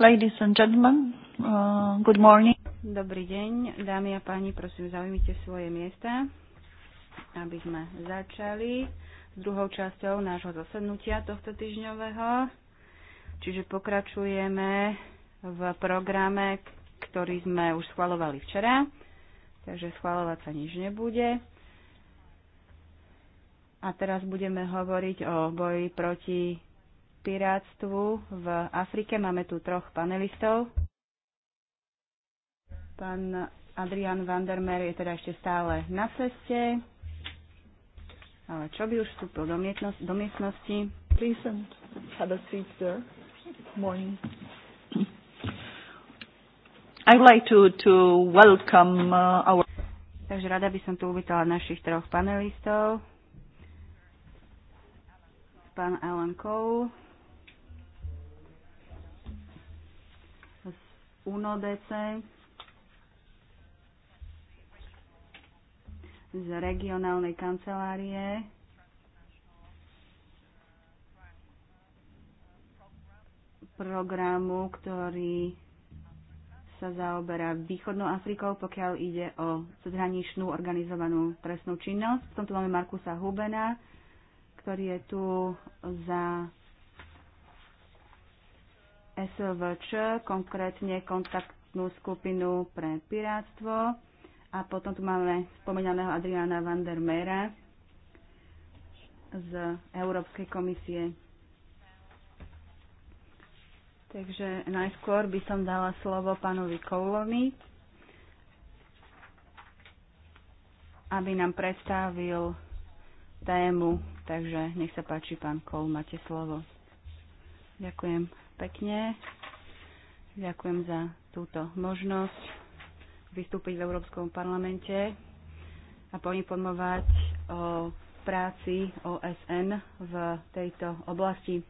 Ladies and gentlemen, uh, good morning. Dobrý deň, dámy a páni, prosím, zaujímite svoje miesta, aby sme začali s druhou časťou nášho zasadnutia tohto týždňového. Čiže pokračujeme v programe, ktorý sme už schvalovali včera, takže schvalovať sa nič nebude. A teraz budeme hovoriť o boji proti pirátstvu v Afrike. Máme tu troch panelistov. Pán Adrian Vandermeer je teda ešte stále na ceste. Ale čo by už vstúpil do, do miestnosti? Please um, have a seat there. Morning. I'd like to, to welcome uh, our... Takže rada by som tu uvítala našich troch panelistov. Pán Alan Cole, UNODC z regionálnej kancelárie programu, ktorý sa zaoberá východnou Afrikou, pokiaľ ide o cezhraničnú organizovanú trestnú činnosť. V tomto máme Markusa Hubena, ktorý je tu za SVČ, konkrétne kontaktnú skupinu pre pirátstvo. A potom tu máme spomenaného Adriana van der Meera z Európskej komisie. Takže najskôr by som dala slovo pánovi Koulovi, aby nám predstavil tému. Takže nech sa páči, pán Koul, máte slovo. Ďakujem pekne. Ďakujem za túto možnosť vystúpiť v Európskom parlamente a poinformovať o práci OSN v tejto oblasti.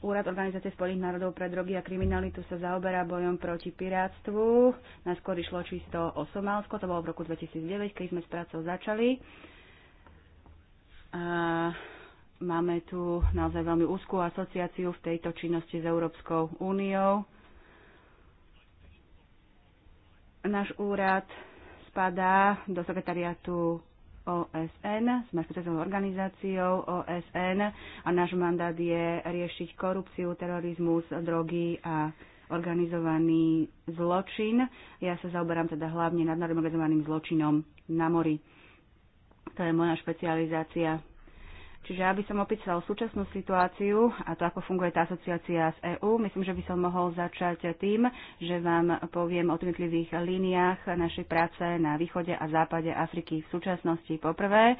Úrad Organizácie spojených národov pre drogy a kriminalitu sa zaoberá bojom proti pirátstvu. Najskôr išlo čisto o Somálsko, to bolo v roku 2009, keď sme s prácou začali. A Máme tu naozaj veľmi úzkú asociáciu v tejto činnosti s Európskou úniou. Náš úrad spadá do sekretariatu OSN, sme špeciálnou organizáciou OSN a náš mandát je riešiť korupciu, terorizmus, drogy a organizovaný zločin. Ja sa zaoberám teda hlavne nad organizovaným zločinom na mori. To je moja špecializácia. Čiže aby som opísal súčasnú situáciu a to, ako funguje tá asociácia s EÚ, myslím, že by som mohol začať tým, že vám poviem o jednotlivých líniách našej práce na východe a západe Afriky v súčasnosti. Poprvé,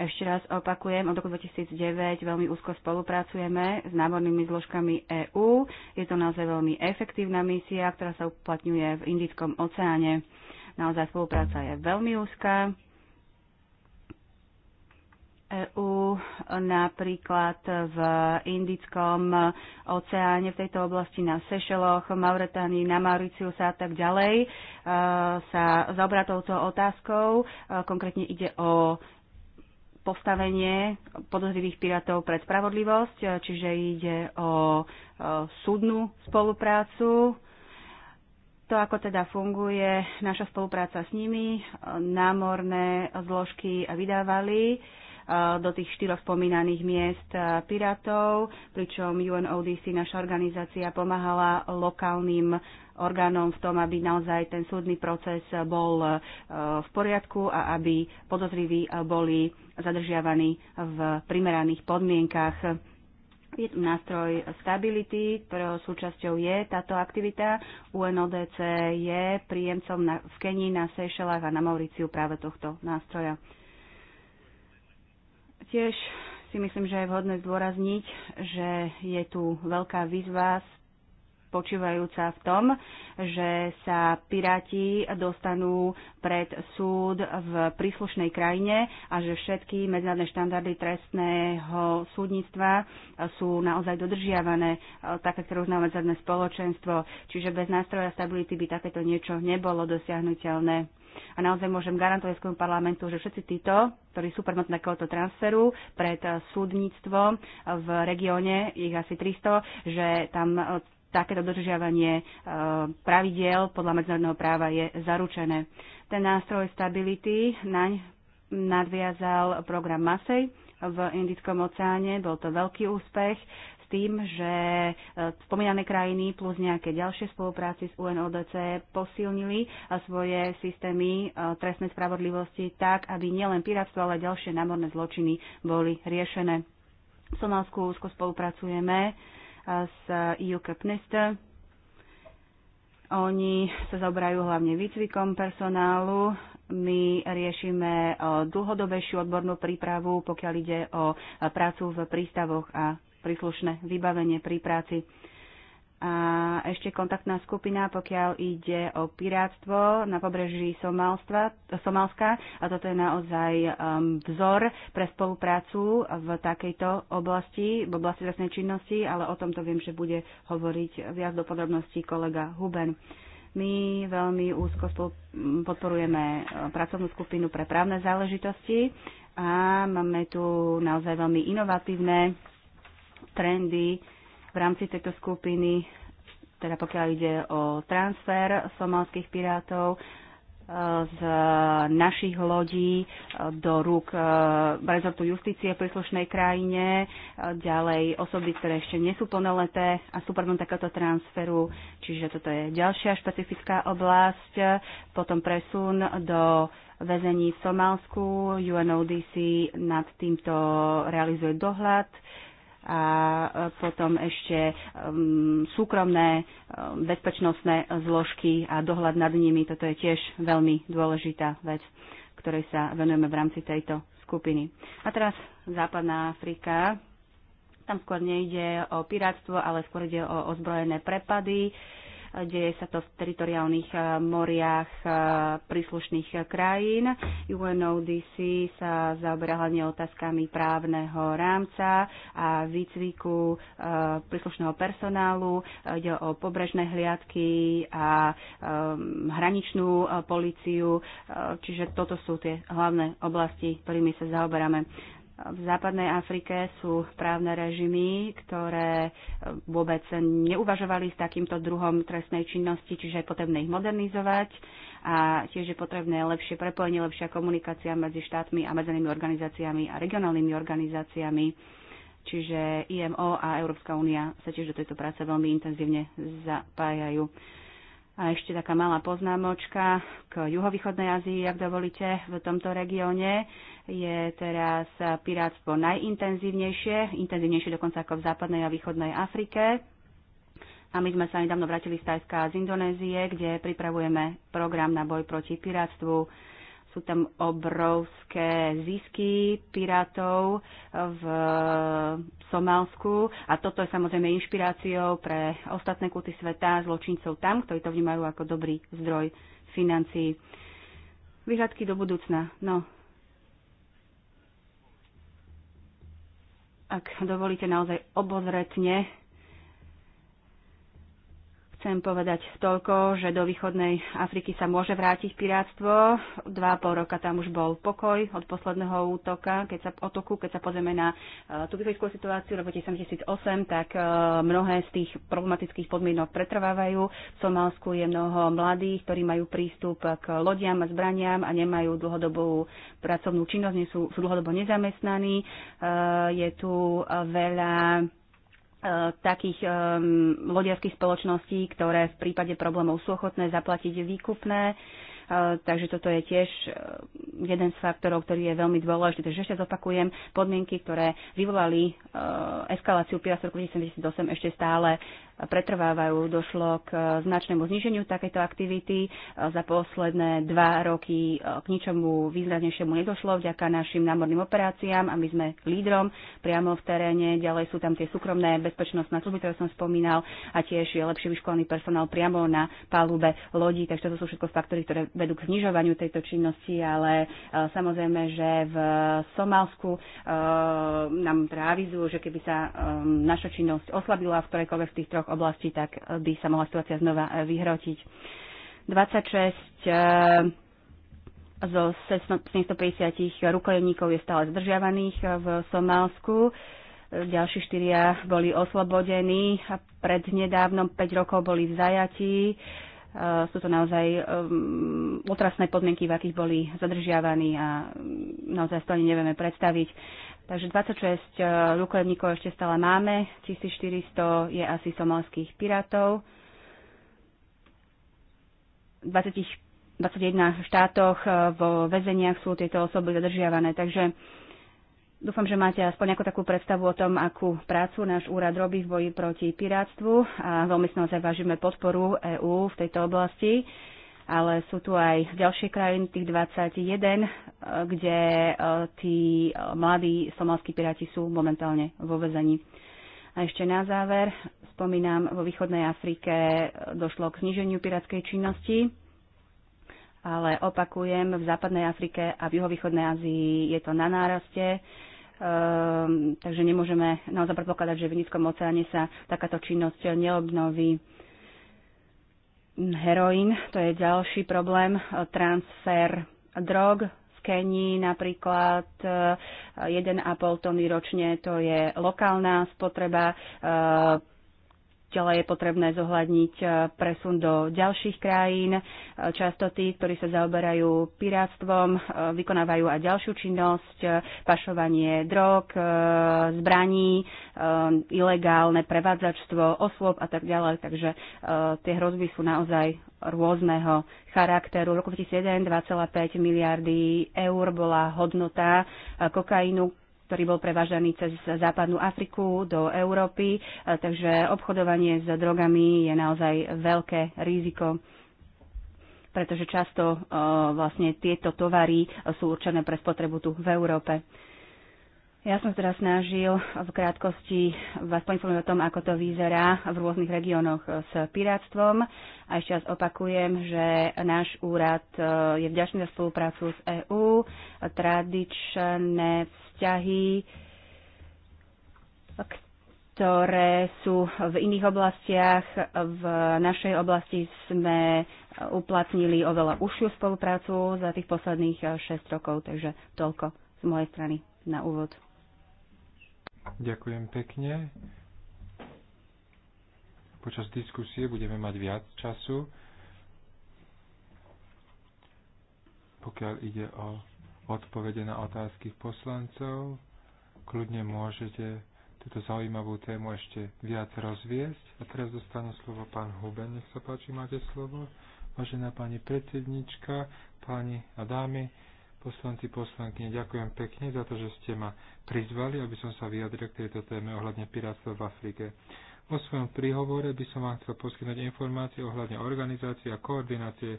ešte raz opakujem, od roku 2009 veľmi úzko spolupracujeme s námornými zložkami EÚ. Je to naozaj veľmi efektívna misia, ktorá sa uplatňuje v Indickom oceáne. Naozaj spolupráca je veľmi úzka EÚ napríklad v Indickom oceáne, v tejto oblasti na Sešeloch, Mauretánii, na Mauriciu sa a tak ďalej e, sa zaobrá touto otázkou. E, konkrétne ide o postavenie podozrivých pirátov pred spravodlivosť, e, čiže ide o súdnu spoluprácu. To, ako teda funguje naša spolupráca s nimi, námorné zložky vydávali do tých štyroch spomínaných miest pirátov, pričom UNODC, naša organizácia, pomáhala lokálnym orgánom v tom, aby naozaj ten súdny proces bol v poriadku a aby podozriví boli zadržiavaní v primeraných podmienkach. Je tu nástroj stability, ktorého súčasťou je táto aktivita. UNODC je príjemcom na, v Kenii, na Seychellách a na Mauriciu práve tohto nástroja. Tiež si myslím, že je vhodné zdôrazniť, že je tu veľká výzva spočívajúca v tom, že sa piráti dostanú pred súd v príslušnej krajine a že všetky medzinárodné štandardy trestného súdnictva sú naozaj dodržiavané, e, také, ktoré uznáva medzinárodné spoločenstvo. Čiže bez nástroja stability by takéto niečo nebolo dosiahnuteľné. A naozaj môžem garantovať Európskemu parlamentu, že všetci títo, ktorí sú predmetom takéhoto transferu pred eh, súdnictvo eh, v regióne, ich asi 300, že tam eh, takéto dodržiavanie pravidiel podľa medzinárodného práva je zaručené. Ten nástroj stability naň nadviazal program MASEJ v Indickom oceáne. Bol to veľký úspech tým, že e, spomínané krajiny plus nejaké ďalšie spolupráci s UNODC posilnili e, svoje systémy e, trestnej spravodlivosti tak, aby nielen piratstvo, ale ďalšie námorné zločiny boli riešené. V Somálsku úzko spolupracujeme s EU Capnister. Oni sa zaoberajú hlavne výcvikom personálu, my riešime dlhodobejšiu odbornú prípravu, pokiaľ ide o prácu v prístavoch a príslušné vybavenie pri práci. A ešte kontaktná skupina, pokiaľ ide o pirátstvo na pobreží Somálska. A toto je naozaj um, vzor pre spoluprácu v takejto oblasti, v oblasti trestnej činnosti, ale o tomto viem, že bude hovoriť viac do podrobností kolega Huben. My veľmi úzko mm, podporujeme uh, pracovnú skupinu pre právne záležitosti a máme tu naozaj veľmi inovatívne trendy v rámci tejto skupiny, teda pokiaľ ide o transfer somalských pirátov eh, z našich lodí eh, do rúk eh, rezortu justície v príslušnej krajine, ďalej osoby, ktoré ešte nie sú plnoleté a sú prvom takéto transferu, čiže toto je ďalšia špecifická oblasť, potom presun do väzení v Somálsku, UNODC nad týmto realizuje dohľad, a potom ešte um, súkromné um, bezpečnostné zložky a dohľad nad nimi. Toto je tiež veľmi dôležitá vec, ktorej sa venujeme v rámci tejto skupiny. A teraz Západná Afrika. Tam skôr nejde o pirátstvo, ale skôr ide o ozbrojené prepady. Uh, Deje sa to v teritoriálnych eh, moriach eh, príslušných krajín. UNODC sa zaoberá hlavne otázkami právneho rámca a výcviku eh, príslušného personálu. Ide o pobrežné hliadky a hraničnú policiu. Čiže toto sú tie hlavné oblasti, ktorými sa zaoberáme v západnej Afrike sú právne režimy, ktoré e, vôbec neuvažovali s takýmto druhom trestnej činnosti, čiže je potrebné ich modernizovať a tiež je potrebné lepšie prepojenie, lepšia komunikácia medzi štátmi a medzenými organizáciami a regionálnymi organizáciami. Čiže IMO a Európska únia sa tiež do tejto práce veľmi intenzívne zapájajú. A ešte taká malá poznámočka k juhovýchodnej Ázii, ak dovolíte, v tomto regióne je teraz pirátstvo najintenzívnejšie, intenzívnejšie dokonca ako v západnej a východnej Afrike. A my sme sa nedávno vrátili z Tajska a z Indonézie, kde pripravujeme program na boj proti pirátstvu sú tam obrovské zisky pirátov v Somálsku a toto je samozrejme inšpiráciou pre ostatné kuty sveta, zločincov tam, ktorí to vnímajú ako dobrý zdroj financií. Vyhľadky do budúcna. No, ak dovolíte naozaj obozretne Chcem povedať toľko, že do východnej Afriky sa môže vrátiť pirátstvo. Dva a pol roka tam už bol pokoj od posledného útoka, keď sa, otoku. Keď sa pozrieme na uh, tú východskú situáciu roku 2008, tak uh, mnohé z tých problematických podmienok pretrvávajú. V Somálsku je mnoho mladých, ktorí majú prístup k lodiam a zbraniam a nemajú dlhodobú pracovnú činnosť, nie sú, sú dlhodobo nezamestnaní. Uh, je tu veľa Eh, takých um, lodiarských spoločností, ktoré v prípade problémov sú ochotné zaplatiť výkupné E, takže toto je tiež e, jeden z faktorov, ktorý je veľmi dôležitý. Takže ešte zopakujem, podmienky, ktoré vyvolali e, eskaláciu piva v roku 1978 ešte stále pretrvávajú. Došlo k značnému zniženiu takejto aktivity. Za posledné dva roky k ničomu významnejšiemu nedošlo vďaka našim námorným operáciám a my sme lídrom priamo v teréne. Ďalej sú tam tie súkromné bezpečnostné služby, ktoré som spomínal a tiež je lepšie vyškolený personál priamo na palube lodí. Takže to sú všetko faktory, ktoré vedú k znižovaniu tejto činnosti, ale e, samozrejme, že v Somálsku e, nám teda avizujú, že keby sa e, naša činnosť oslabila v ktorejkoľvek z tých troch oblastí, tak by sa mohla situácia znova vyhrotiť. 26 zo 750 rukojemníkov je stále zdržiavaných v Somálsku. Ďalší štyria boli oslobodení a prednedávnom 5 rokov boli v zajatí Eh, sú to naozaj um, ehm, otrasné podmienky, v akých boli zadržiavaní a mm, naozaj to ani nevieme predstaviť. Takže 26 uh, rukojemníkov ešte stále máme, 1400 je asi somalských pirátov. V 20, 21 štátoch eh, vo väzeniach sú tieto osoby zadržiavané, takže Dúfam, že máte aspoň nejakú takú predstavu o tom, akú prácu náš úrad robí v boji proti pirátstvu a veľmi si naozaj vážime podporu EÚ v tejto oblasti ale sú tu aj ďalšie krajiny, tých 21, eh, kde eh, tí eh, mladí somalskí piráti sú momentálne vo vezení. A ešte na záver, spomínam, vo východnej Afrike došlo k zniženiu pirátskej činnosti, ale opakujem, v západnej Afrike a v juhovýchodnej Ázii je to na náraste. Ehm, takže nemôžeme naozaj predpokladať, že v Indickom oceáne sa takáto činnosť neobnoví. Heroín, to je ďalší problém, transfer drog z Kenii napríklad 1,5 eh, tony ročne, to je lokálna spotreba, eh, Ďalej je potrebné zohľadniť e, presun do ďalších krajín. E, Často tí, ktorí sa zaoberajú pirátstvom, e, vykonávajú aj ďalšiu činnosť, pašovanie drog, zbraní, ilegálne prevádzačstvo osôb a tak ďalej. Takže tie hrozby sú naozaj rôzneho charakteru. V roku 2001 2,5 miliardy eur bola hodnota kokainu, ktorý bol prevážaný cez západnú Afriku do Európy, e, takže obchodovanie s drogami je naozaj veľké riziko pretože často e, vlastne tieto tovary e, sú určené pre spotrebu tu v Európe. Ja som sa snažil v krátkosti vás poinformovať o tom, ako to vyzerá v rôznych regiónoch s piráctvom. A ešte raz opakujem, že náš úrad e, je vďačný za spoluprácu s EÚ. Tradičné vzťahy, ktoré sú v iných oblastiach, v našej oblasti sme uplatnili oveľa užšiu spoluprácu za tých posledných 6 e, rokov. Takže toľko z mojej strany na úvod. Ďakujem pekne. Počas diskusie budeme mať viac času, pokiaľ ide o odpovede na otázky poslancov. Kľudne môžete túto zaujímavú tému ešte viac rozviesť. A teraz dostanú slovo pán Huben, nech sa páči, máte slovo. Vážená pani predsednička, páni a dámy, Poslanci, poslankyne, ďakujem pekne za to, že ste ma prizvali, aby som sa vyjadril k tejto téme ohľadne pirátstva v Afrike. Vo svojom príhovore by som vám chcel poskytnúť informácie ohľadne organizácie a koordinácie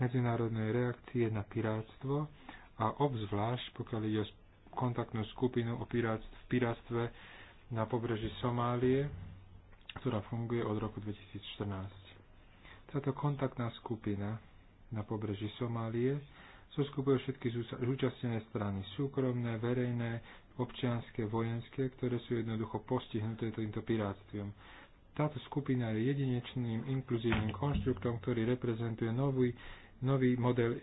medzinárodnej reakcie na pirátstvo a obzvlášť, pokiaľ ide o kontaktnú skupinu o pirátstv, v pirátstve na pobreží Somálie, ktorá funguje od roku 2014. Táto kontaktná skupina na pobreží Somálie zoskupujú všetky zúčastnené strany, súkromné, verejné, občianské, vojenské, ktoré sú jednoducho postihnuté týmto pirátstvom. Táto skupina je jedinečným inkluzívnym konštruktom, ktorý reprezentuje nový, nový model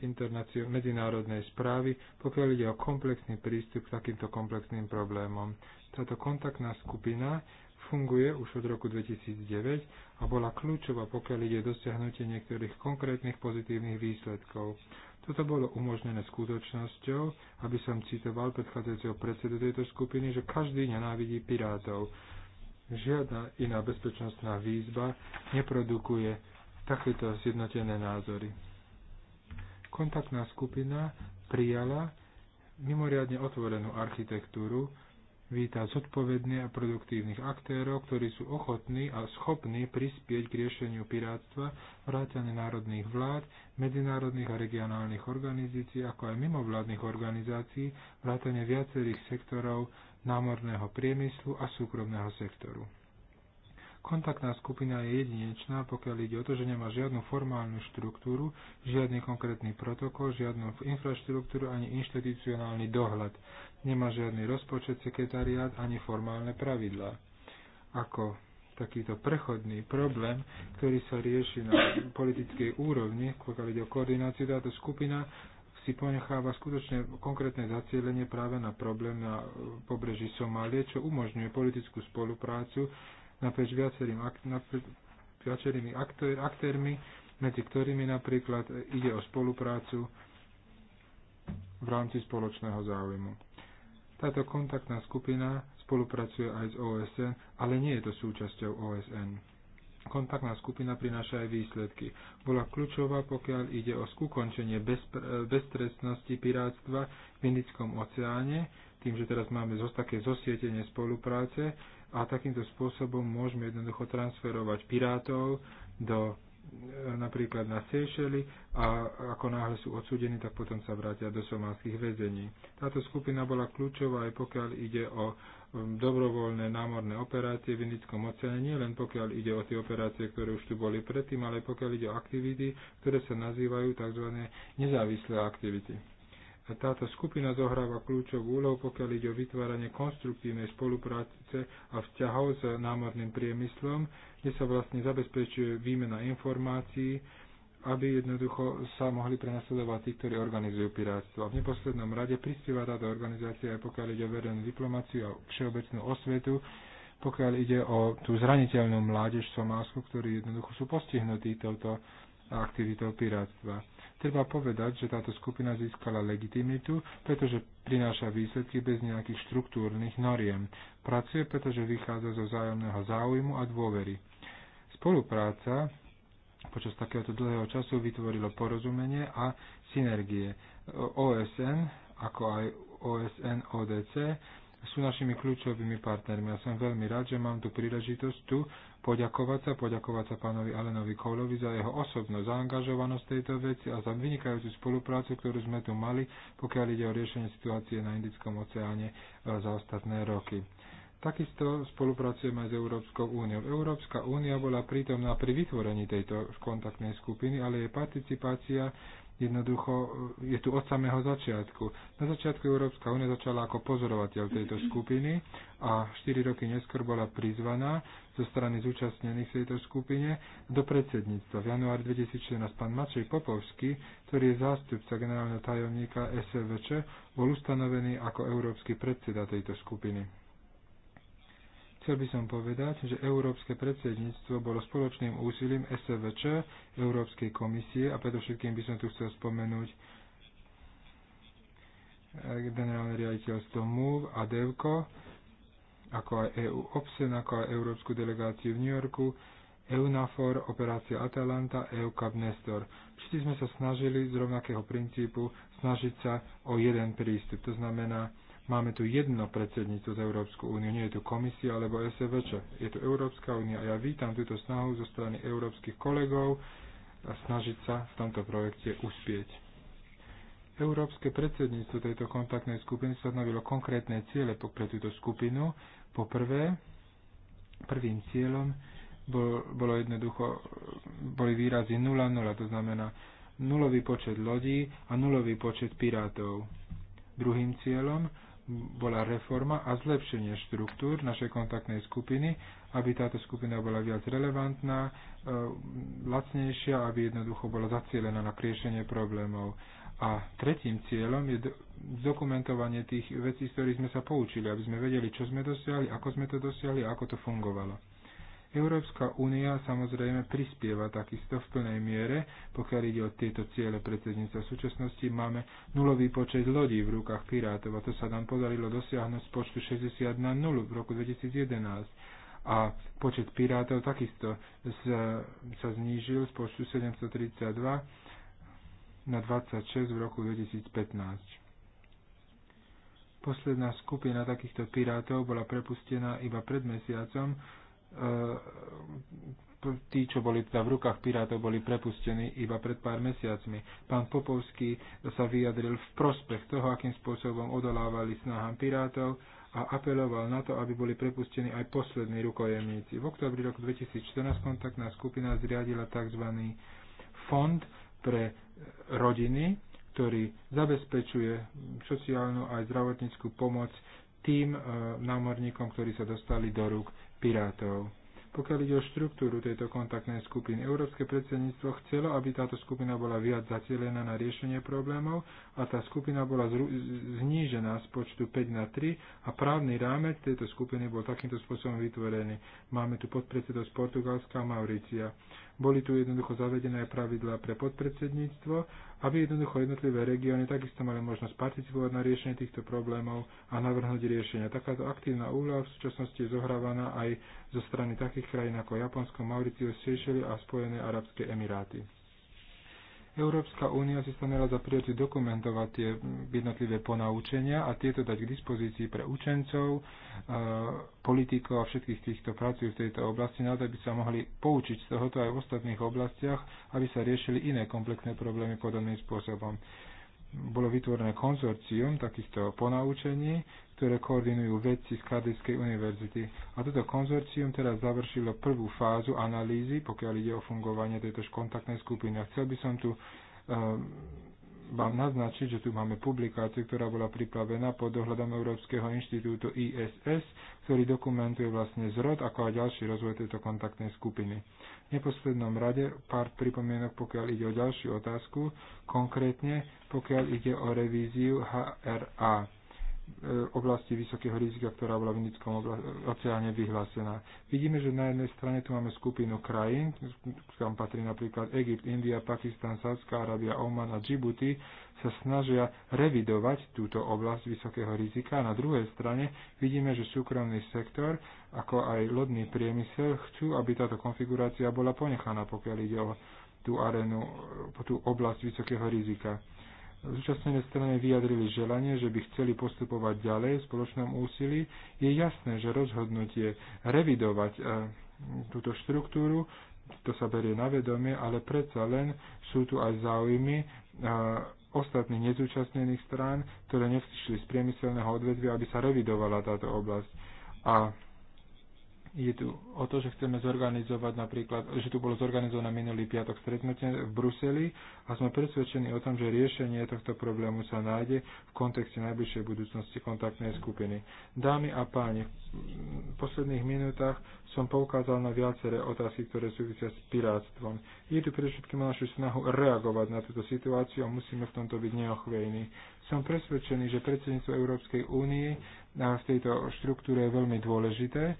medzinárodnej správy, pokiaľ ide o komplexný prístup k takýmto komplexným problémom. Táto kontaktná skupina funguje už od roku 2009 a bola kľúčová, pokiaľ ide dosiahnutie niektorých konkrétnych pozitívnych výsledkov. Toto bolo umožnené skutočnosťou, aby som citoval predchádzajúceho predsedu tejto skupiny, že každý nenávidí pirátov. Žiadna iná bezpečnostná výzba neprodukuje takéto zjednotené názory. Kontaktná skupina prijala mimoriadne otvorenú architektúru, víta zodpovedných a produktívnych aktérov, ktorí sú ochotní a schopní prispieť k riešeniu pirátstva vrátane národných vlád, medzinárodných a regionálnych organizácií, ako aj mimovládnych organizácií, vrátane viacerých sektorov námorného priemyslu a súkromného sektoru. Kontaktná skupina je jedinečná, pokiaľ ide o to, že nemá žiadnu formálnu štruktúru, žiadny konkrétny protokol, žiadnu infraštruktúru ani inštitucionálny dohľad nemá žiadny rozpočet sekretariát ani formálne pravidlá. Ako takýto prechodný problém, ktorý sa rieši na politickej úrovni, pokiaľ ide o koordináciu, táto skupina si ponecháva skutočne konkrétne zacielenie práve na problém na pobreží Somálie, čo umožňuje politickú spoluprácu naprieč viacerým, naprieč viacerými aktér, aktérmi, medzi ktorými napríklad ide o spoluprácu v rámci spoločného záujmu. Táto kontaktná skupina spolupracuje aj s OSN, ale nie je to súčasťou OSN. Kontaktná skupina prináša aj výsledky. Bola kľúčová, pokiaľ ide o skúkončenie beztrestnosti pirátstva v Indickom oceáne, tým, že teraz máme zos také zosietenie spolupráce a takýmto spôsobom môžeme jednoducho transferovať pirátov do napríklad na Seychely a ako náhle sú odsúdení, tak potom sa vrátia do somálskych väzení. Táto skupina bola kľúčová aj pokiaľ ide o um, dobrovoľné námorné operácie v Indickom oceáne, nie len pokiaľ ide o tie operácie, ktoré už tu boli predtým, ale aj pokiaľ ide o aktivity, ktoré sa nazývajú tzv. nezávislé aktivity. A táto skupina zohráva kľúčovú úlohu, pokiaľ ide o vytváranie konstruktívnej spolupráce a vzťahov s námorným priemyslom, kde sa vlastne zabezpečuje výmena informácií, aby jednoducho sa mohli prenasledovať tí, ktorí organizujú pirátstvo. A v neposlednom rade prispieva táto organizácia aj pokiaľ ide o verejnú diplomáciu a všeobecnú osvetu, pokiaľ ide o tú zraniteľnú mládež v Somálsku, ktorí jednoducho sú postihnutí touto aktivitou pirátstva. Treba povedať, že táto skupina získala legitimitu, pretože prináša výsledky bez nejakých štruktúrnych noriem. Pracuje, pretože vychádza zo vzájomného záujmu a dôvery. Spolupráca počas takéhoto dlhého času vytvorilo porozumenie a synergie. OSN, ako aj OSN ODC, sú našimi kľúčovými partnermi. Ja som veľmi rád, že mám tu príležitosť tu poďakovať sa, poďakovať sa pánovi Alenovi Kolovi za jeho osobnú zaangažovanosť tejto veci a za vynikajúcu spoluprácu, ktorú sme tu mali, pokiaľ ide o riešenie situácie na Indickom oceáne e, za ostatné roky. Takisto spolupracujeme s Európskou úniou. Európska únia bola prítomná pri vytvorení tejto kontaktnej skupiny, ale jej participácia Jednoducho e, je tu od samého začiatku. Na začiatku Európska únia začala ako pozorovateľ tejto skupiny a 4 roky neskôr bola prizvaná zo strany zúčastnených v tejto skupine do predsedníctva. V januári 2014 pán Mačej Popovský, ktorý je zástupca generálneho tajomníka SVČ, bol ustanovený ako európsky predseda tejto skupiny. Chcel by som povedať, že európske predsedníctvo bolo spoločným úsilím SVČ, Európskej komisie a predovšetkým by som tu chcel spomenúť eh, generálne riaditeľstvo MUV a DEVKO, ako aj EU OPSEN, ako aj Európsku delegáciu v New Yorku, EUNAFOR, operácia Atalanta, EUCAP Nestor. Všetci sme sa snažili z rovnakého princípu snažiť sa o jeden prístup. To znamená, Máme tu jedno predsedníctvo z Európsku úniu, nie je tu komisia alebo SVČ. Je tu Európska únia a ja vítam túto snahu zo strany európskych kolegov a snažiť sa v tomto projekte uspieť. Európske predsedníctvo tejto kontaktnej skupiny stanovilo konkrétne ciele pre túto skupinu. Po prvé, prvým cieľom bol, bolo jednoducho, boli výrazy 0-0, to znamená nulový počet lodí a nulový počet pirátov. Druhým cieľom bola reforma a zlepšenie štruktúr našej kontaktnej skupiny, aby táto skupina bola viac relevantná, e, lacnejšia, aby jednoducho bola zacielená na riešenie problémov. A tretím cieľom je zdokumentovanie tých vecí, z ktorých sme sa poučili, aby sme vedeli, čo sme dosiahli, ako sme to dosiahli a ako to fungovalo. Európska únia samozrejme prispieva takisto v plnej miere, pokiaľ ide o tieto ciele predsedníctva. V súčasnosti máme nulový počet lodí v rukách pirátov a to sa nám podarilo dosiahnuť z počtu 60 na 0 v roku 2011 a počet pirátov takisto sa, sa znížil z počtu 732 na 26 v roku 2015. Posledná skupina takýchto pirátov bola prepustená iba pred mesiacom E, tí, čo boli teda v rukách pirátov, boli prepustení iba pred pár mesiacmi. Pán Popovský sa vyjadril v prospech toho, akým spôsobom odolávali snahám pirátov a apeloval na to, aby boli prepustení aj poslední rukojemníci. V oktobri roku 2014 kontaktná skupina zriadila tzv. fond pre rodiny, ktorý zabezpečuje sociálnu aj zdravotníckú pomoc tým e, námorníkom, ktorí sa dostali do rúk pirátov. Pokiaľ ide o štruktúru tejto kontaktnej skupiny, Európske predsedníctvo chcelo, aby táto skupina bola viac zacielená na riešenie problémov a tá skupina bola znížená z počtu 5 na 3 a právny rámec tejto skupiny bol takýmto spôsobom vytvorený. Máme tu podpredsedosť Portugalska a Mauricia. Boli tu jednoducho zavedené pravidlá pre podpredsedníctvo, aby jednoducho jednotlivé regióny takisto mali možnosť participovať na riešenie týchto problémov a navrhnúť riešenia. Takáto aktívna úloha v súčasnosti je zohrávaná aj zo strany takých krajín ako Japonsko, Mauritius, Seychelles a Spojené arabské emiráty. Európska únia si stanela za prioritu dokumentovať tie jednotlivé ponaučenia a tieto dať k dispozícii pre učencov, e, politikov a všetkých tých, kto pracujú v tejto oblasti, na to, aby sa mohli poučiť z tohoto aj v ostatných oblastiach, aby sa riešili iné komplexné problémy podobným spôsobom. Bolo vytvorené konzorcium takýchto ponaučení, ktoré koordinujú vedci z Kardejskej univerzity. A toto konzorcium teraz završilo prvú fázu analýzy, pokiaľ ide o fungovanie tejto kontaktnej skupiny. A chcel by som tu um, vám naznačiť, že tu máme publikáciu, ktorá bola pripravená pod dohľadom Európskeho inštitútu ISS, ktorý dokumentuje vlastne zrod, ako aj ďalší rozvoj tejto kontaktnej skupiny. V neposlednom rade pár pripomienok, pokiaľ ide o ďalšiu otázku, konkrétne pokiaľ ide o revíziu HRA. E, oblasti vysokého rizika, ktorá bola v Indickom oceáne vyhlásená. Vidíme, že na jednej strane tu máme skupinu krajín, tam patrí napríklad Egypt, India, Pakistan, Sávská Arábia, Oman a Djibouti, sa snažia revidovať túto oblasť vysokého rizika. Na druhej strane vidíme, že súkromný sektor, ako aj lodný priemysel, chcú, aby táto konfigurácia bola ponechaná, pokiaľ ide o tú arenu, tú oblasť vysokého rizika zúčastnené strany vyjadrili želanie, že by chceli postupovať ďalej v spoločnom úsilí, je jasné, že rozhodnutie revidovať e, túto štruktúru, to sa berie na vedomie, ale predsa len sú tu aj záujmy e, ostatných nezúčastnených strán, ktoré nevzýšli z priemyselného odvetvia, aby sa revidovala táto oblasť. A je tu o to, že chceme zorganizovať napríklad, že tu bolo zorganizované minulý piatok stretnutie v Bruseli a sme presvedčení o tom, že riešenie tohto problému sa nájde v kontexte najbližšej budúcnosti kontaktnej skupiny. Dámy a páni, v posledných minútach som poukázal na viaceré otázky, ktoré súvisia s pirátstvom. Je tu predovšetkým našu snahu reagovať na túto situáciu a musíme v tomto byť neochvejní. Som presvedčený, že predsedníctvo Európskej únie v tejto štruktúre je veľmi dôležité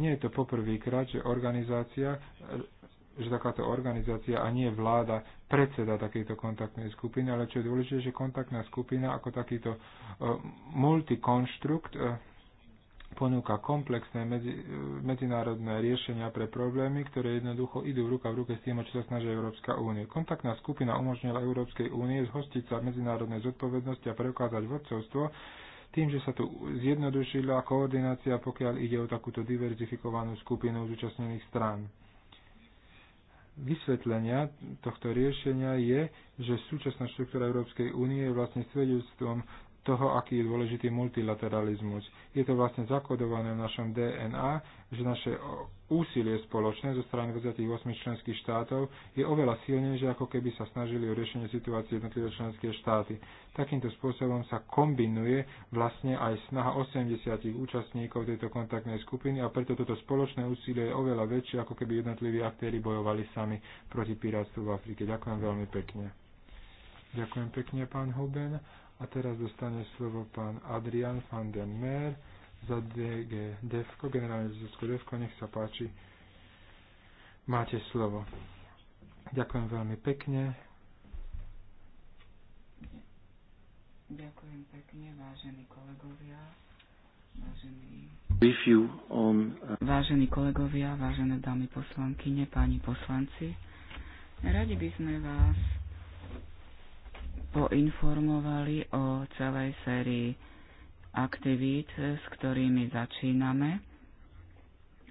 nie je to poprvýkrát, že organizácia, že takáto organizácia a nie vláda predseda takejto kontaktnej skupiny, ale čo je dôležité, že kontaktná skupina ako takýto e, multikonštrukt e, ponúka komplexné medzi, e, medzinárodné riešenia pre problémy, ktoré jednoducho idú ruka v ruke s tým, čo sa snaží Európska únie. Kontaktná skupina umožnila Európskej únie zhostiť sa medzinárodnej zodpovednosti a preukázať vodcovstvo tým, že sa tu zjednodušila koordinácia, pokiaľ ide o takúto diverzifikovanú skupinu zúčastnených strán. Vysvetlenia tohto riešenia je, že súčasná štruktúra Európskej únie je vlastne svedectvom toho, aký je dôležitý multilateralizmus. Je to vlastne zakodované v našom DNA, že naše úsilie spoločné zo strany 28 členských štátov je oveľa silnejšie, ako keby sa snažili o riešenie situácie jednotlivé členské štáty. Takýmto spôsobom sa kombinuje vlastne aj snaha 80 účastníkov tejto kontaktnej skupiny a preto toto spoločné úsilie je oveľa väčšie, ako keby jednotliví aktéry bojovali sami proti pirátstvu v Afrike. Ďakujem veľmi pekne. Ďakujem pekne, pán Huben. A teraz dostane slovo pán Adrian van den Meer za DG DEFCO, generálne riaditeľstvo DEFCO, nech sa páči. Máte slovo. Ďakujem veľmi pekne. Ďakujem pekne, vážení kolegovia, vážení... on... Uh, vážení kolegovia, vážené dámy poslankyne, páni poslanci, radi by sme vás poinformovali o celej sérii aktivít, s ktorými začíname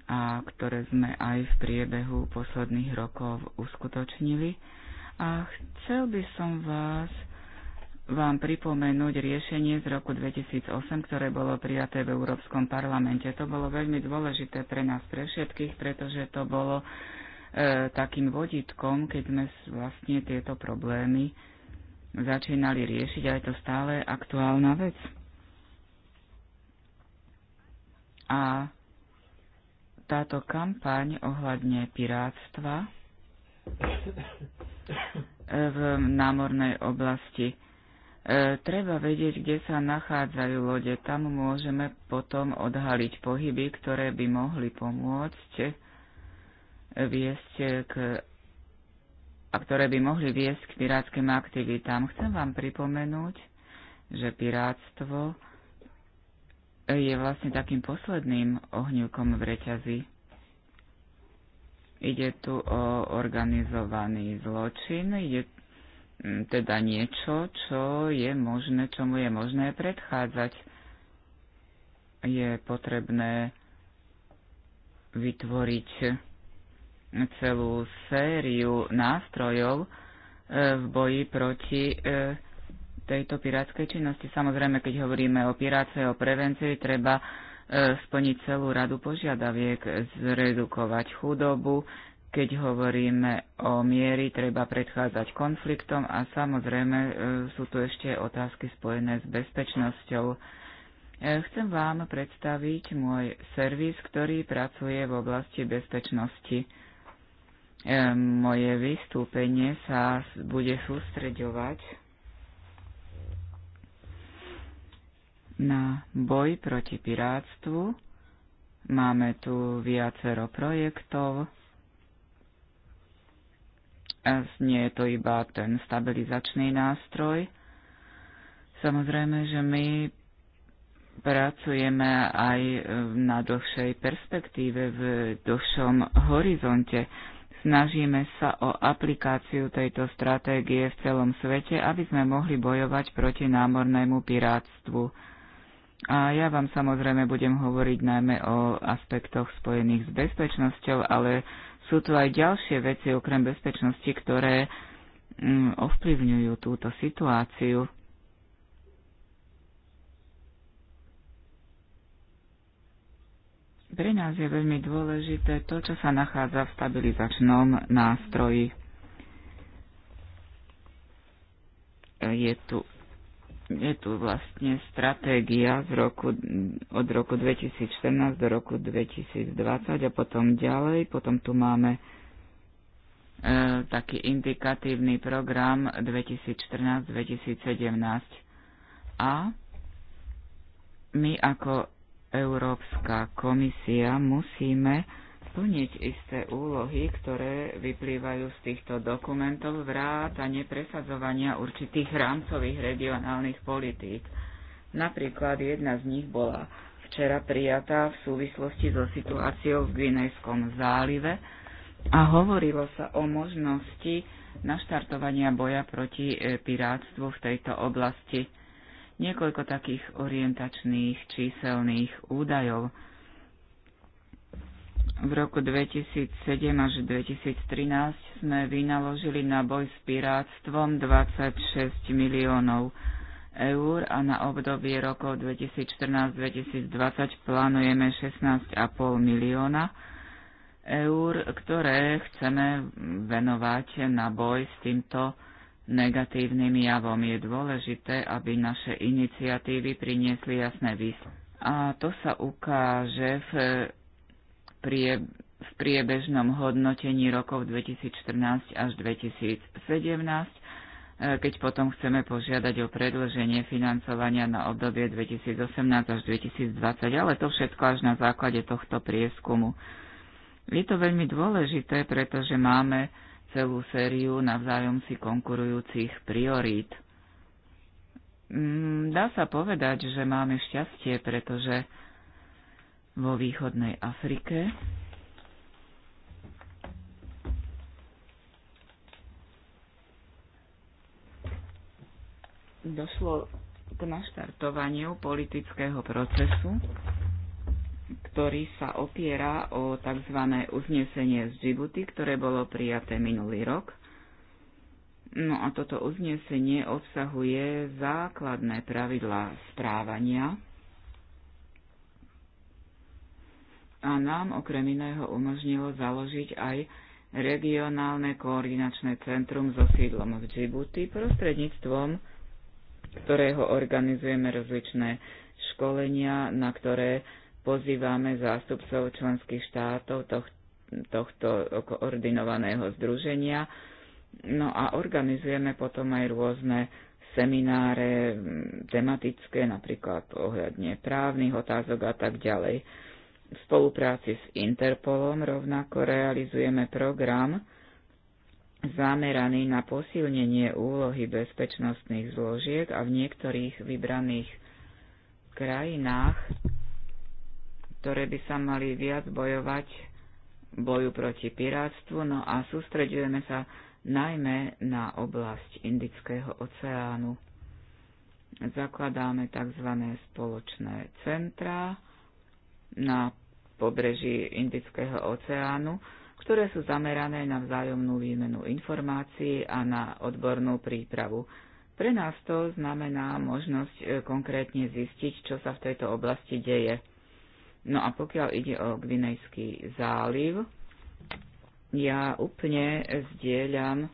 a ktoré sme aj v priebehu posledných rokov uskutočnili. A chcel by som vás vám pripomenúť riešenie z roku 2008, ktoré bolo prijaté v Európskom parlamente. To bolo veľmi dôležité pre nás, pre všetkých, pretože to bolo e, takým vodítkom, keď sme vlastne tieto problémy začínali riešiť aj to stále aktuálna vec. A táto kampaň ohľadne pirátstva v námornej oblasti. E, treba vedieť, kde sa nachádzajú lode. Tam môžeme potom odhaliť pohyby, ktoré by mohli pomôcť viesť k a ktoré by mohli viesť k pirátskym aktivitám. Chcem vám pripomenúť, že pirátstvo je vlastne takým posledným ohňukom v reťazi. Ide tu o organizovaný zločin, ide mm, teda niečo, čo je možné, čomu je možné predchádzať. Je potrebné vytvoriť celú sériu nástrojov e, v boji proti e, tejto pirátskej činnosti. Samozrejme, keď hovoríme o pirátce, o prevencii, treba e, splniť celú radu požiadaviek, zredukovať chudobu, keď hovoríme o miery, treba predchádzať konfliktom a samozrejme sú tu ešte otázky spojené s bezpečnosťou. Chcem vám predstaviť môj servis, ktorý pracuje v oblasti bezpečnosti. E, moje vystúpenie sa bude sústreďovať na boj proti pirátstvu. Máme tu viacero projektov. Nie je to iba ten stabilizačný nástroj. Samozrejme, že my pracujeme aj na dlhšej perspektíve, v dlhšom horizonte. Snažíme sa o aplikáciu tejto stratégie v celom svete, aby sme mohli bojovať proti námornému pirátstvu. A ja vám samozrejme budem hovoriť najmä o aspektoch spojených s bezpečnosťou, ale sú tu aj ďalšie veci okrem bezpečnosti, ktoré mm, ovplyvňujú túto situáciu. Pre nás je veľmi dôležité to, čo sa nachádza v stabilizačnom nástroji. Je tu, je tu vlastne stratégia z roku, od roku 2014 do roku 2020 a potom ďalej. Potom tu máme e, taký indikatívny program 2014-2017. A my ako Európska komisia musíme plniť isté úlohy, ktoré vyplývajú z týchto dokumentov vrátane presadzovania určitých rámcových regionálnych politík. Napríklad jedna z nich bola včera prijatá v súvislosti so situáciou v Gvinejskom zálive a hovorilo sa o možnosti naštartovania boja proti e, pirátstvu v tejto oblasti niekoľko takých orientačných číselných údajov. V roku 2007 až 2013 sme vynaložili na boj s pirátstvom 26 miliónov eur a na obdobie rokov 2014-2020 plánujeme 16,5 milióna eur, ktoré chceme venovať na boj s týmto negatívnym javom. Je dôležité, aby naše iniciatívy priniesli jasné výsledky. A to sa ukáže v, prie, v priebežnom hodnotení rokov 2014 až 2017, e, keď potom chceme požiadať o predlženie financovania na obdobie 2018 až 2020, ale to všetko až na základe tohto prieskumu. Je to veľmi dôležité, pretože máme celú sériu navzájom si konkurujúcich priorít. Mm, dá sa povedať, že máme šťastie, pretože vo východnej Afrike došlo k naštartovaniu politického procesu ktorý sa opiera o tzv. uznesenie z džibuty, ktoré bolo prijaté minulý rok. No a toto uznesenie obsahuje základné pravidlá správania a nám okrem iného umožnilo založiť aj regionálne koordinačné centrum so sídlom v Djibouti prostredníctvom ktorého organizujeme rozličné školenia, na ktoré pozývame zástupcov členských štátov tohto, koordinovaného združenia. No a organizujeme potom aj rôzne semináre tematické, napríklad ohľadne právnych otázok a tak ďalej. V spolupráci s Interpolom rovnako realizujeme program zameraný na posilnenie úlohy bezpečnostných zložiek a v niektorých vybraných krajinách ktoré by sa mali viac bojovať boju proti pirátstvu, no a sústreďujeme sa najmä na oblasť Indického oceánu. Zakladáme tzv. spoločné centrá na pobreží Indického oceánu, ktoré sú zamerané na vzájomnú výmenu informácií a na odbornú prípravu. Pre nás to znamená možnosť e, konkrétne zistiť, čo sa v tejto oblasti deje. No a pokiaľ ide o Gvinejský záliv, ja úplne zdieľam e,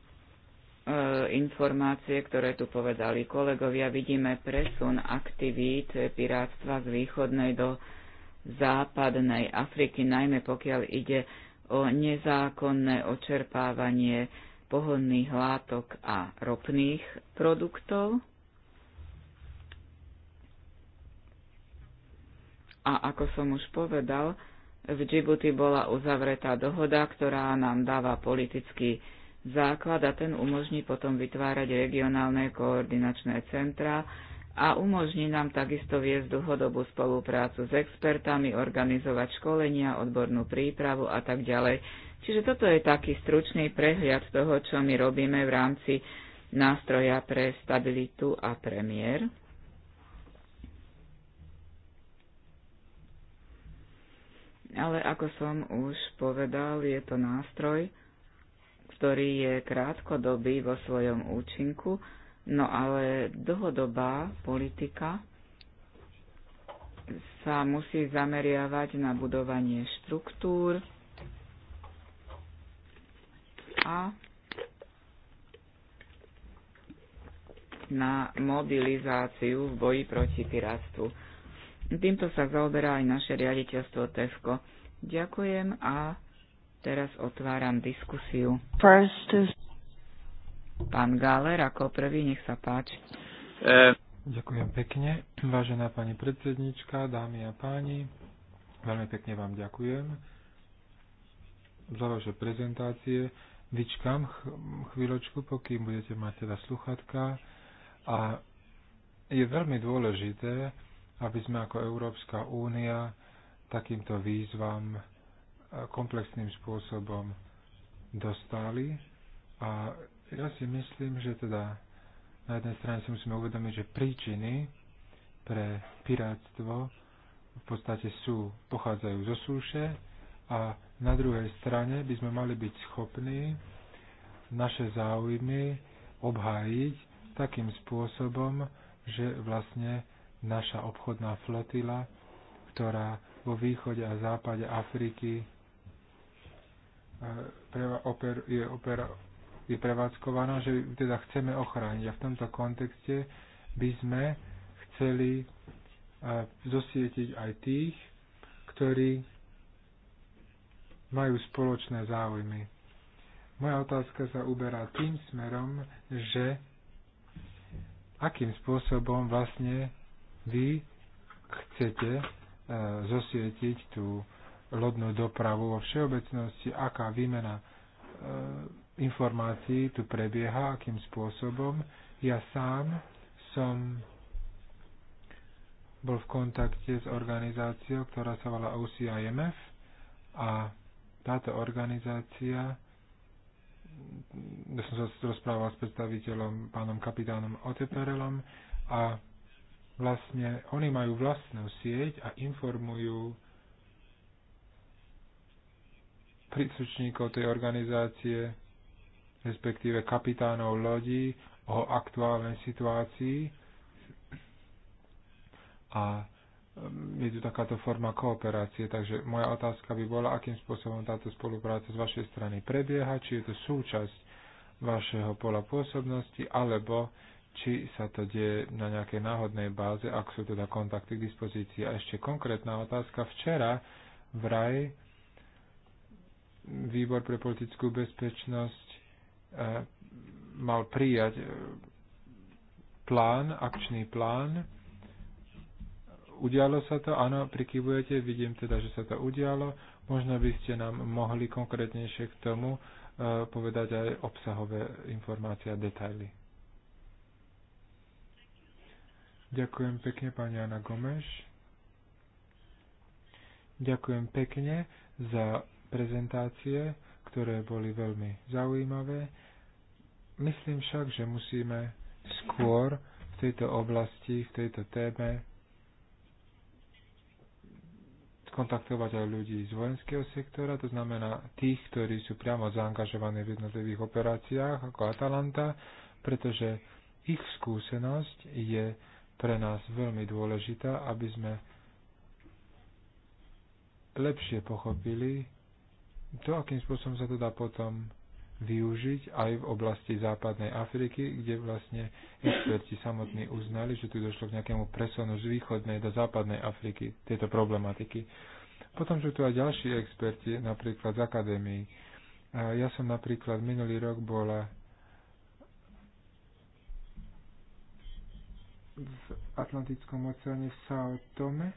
informácie, ktoré tu povedali kolegovia. Vidíme presun aktivít pirátstva z východnej do západnej Afriky, najmä pokiaľ ide o nezákonné očerpávanie pohonných látok a ropných produktov A ako som už povedal, v Džibuti bola uzavretá dohoda, ktorá nám dáva politický základ a ten umožní potom vytvárať regionálne koordinačné centra a umožní nám takisto viesť dlhodobú spoluprácu s expertami, organizovať školenia, odbornú prípravu a tak ďalej. Čiže toto je taký stručný prehľad toho, čo my robíme v rámci nástroja pre stabilitu a premiér. ale ako som už povedal, je to nástroj, ktorý je krátkodobý vo svojom účinku, no ale dlhodobá politika sa musí zameriavať na budovanie štruktúr a na mobilizáciu v boji proti piráctvu. Týmto sa zaoberá aj naše riaditeľstvo Tesco. Ďakujem a teraz otváram diskusiu. First is... Pán Galer, ako prvý, nech sa páči. E, ďakujem pekne, vážená pani predsednička, dámy a páni. Veľmi pekne vám ďakujem za vaše prezentácie. Vyčkam chvíľočku, pokým budete mať teda sluchatka. A je veľmi dôležité, aby sme ako Európska únia takýmto výzvam e, komplexným spôsobom dostali. A ja si myslím, že teda na jednej strane si musíme uvedomiť, že príčiny pre pirátstvo v podstate sú, pochádzajú zo súše a na druhej strane by sme mali byť schopní naše záujmy obhájiť takým spôsobom, že vlastne naša obchodná flotila, ktorá vo východe a západe Afriky eh, je, opera, je prevádzkovaná, že teda chceme ochrániť. A v tomto kontexte by sme chceli eh, zosietiť aj tých, ktorí majú spoločné záujmy. Moja otázka sa uberá tým smerom, že akým spôsobom vlastne vy chcete eh, zosvietiť tú lodnú dopravu vo všeobecnosti, aká výmena eh, informácií tu prebieha, akým spôsobom. Ja sám som bol v kontakte s organizáciou, ktorá sa volá OCIMF a táto organizácia, ja som sa rozprával s predstaviteľom pánom kapitánom Oteperelom a vlastne oni majú vlastnú sieť a informujú príslušníkov tej organizácie, respektíve kapitánov lodí o aktuálnej situácii a um, je tu takáto forma kooperácie, takže moja otázka by bola, akým spôsobom táto spolupráca z vašej strany prebieha, či je to súčasť vašeho pola pôsobnosti, alebo či sa to deje na nejakej náhodnej báze, ak sú teda kontakty k dispozícii. A ešte konkrétna otázka. Včera v RAJ Výbor pre politickú bezpečnosť e, mal prijať e, plán, akčný plán. Udialo sa to? Áno, prikybujete, vidím teda, že sa to udialo. Možno by ste nám mohli konkrétnejšie k tomu e, povedať aj obsahové informácie a detaily. Ďakujem pekne, pani Ana Gomeš. Ďakujem pekne za prezentácie, ktoré boli veľmi zaujímavé. Myslím však, že musíme skôr v tejto oblasti, v tejto téme kontaktovať aj ľudí z vojenského sektora, to znamená tých, ktorí sú priamo zaangažovaní v jednotlivých operáciách ako Atalanta, pretože ich skúsenosť je pre nás veľmi dôležitá, aby sme lepšie pochopili to, akým spôsobom sa to dá potom využiť aj v oblasti západnej Afriky, kde vlastne experti samotní uznali, že tu došlo k nejakému presunu z východnej do západnej Afriky tejto problematiky. Potom sú tu aj ďalší experti, napríklad z akadémií. Ja som napríklad minulý rok bola v Atlantickom oceáne v Sao Tome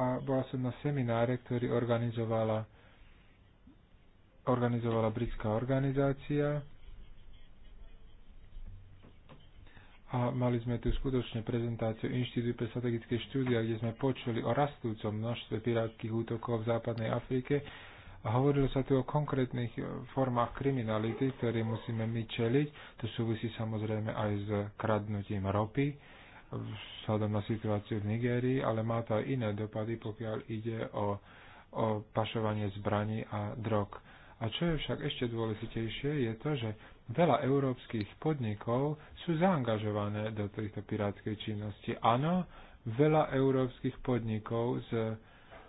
a bola som na semináre, ktorý organizovala, organizovala britská organizácia a mali sme tu skutočne prezentáciu Inštitútu pre strategické štúdia, kde sme počuli o rastúcom množstve pirátskych útokov v západnej Afrike a hovorilo sa tu o konkrétnych e, formách kriminality, ktoré musíme my čeliť. To súvisí samozrejme aj s kradnutím ropy vzhľadom na situáciu v Nigérii, ale má to aj iné dopady, pokiaľ ide o, o pašovanie zbraní a drog. A čo je však ešte dôležitejšie, je to, že veľa európskych podnikov sú zaangažované do tejto pirátskej činnosti. Áno, veľa európskych podnikov z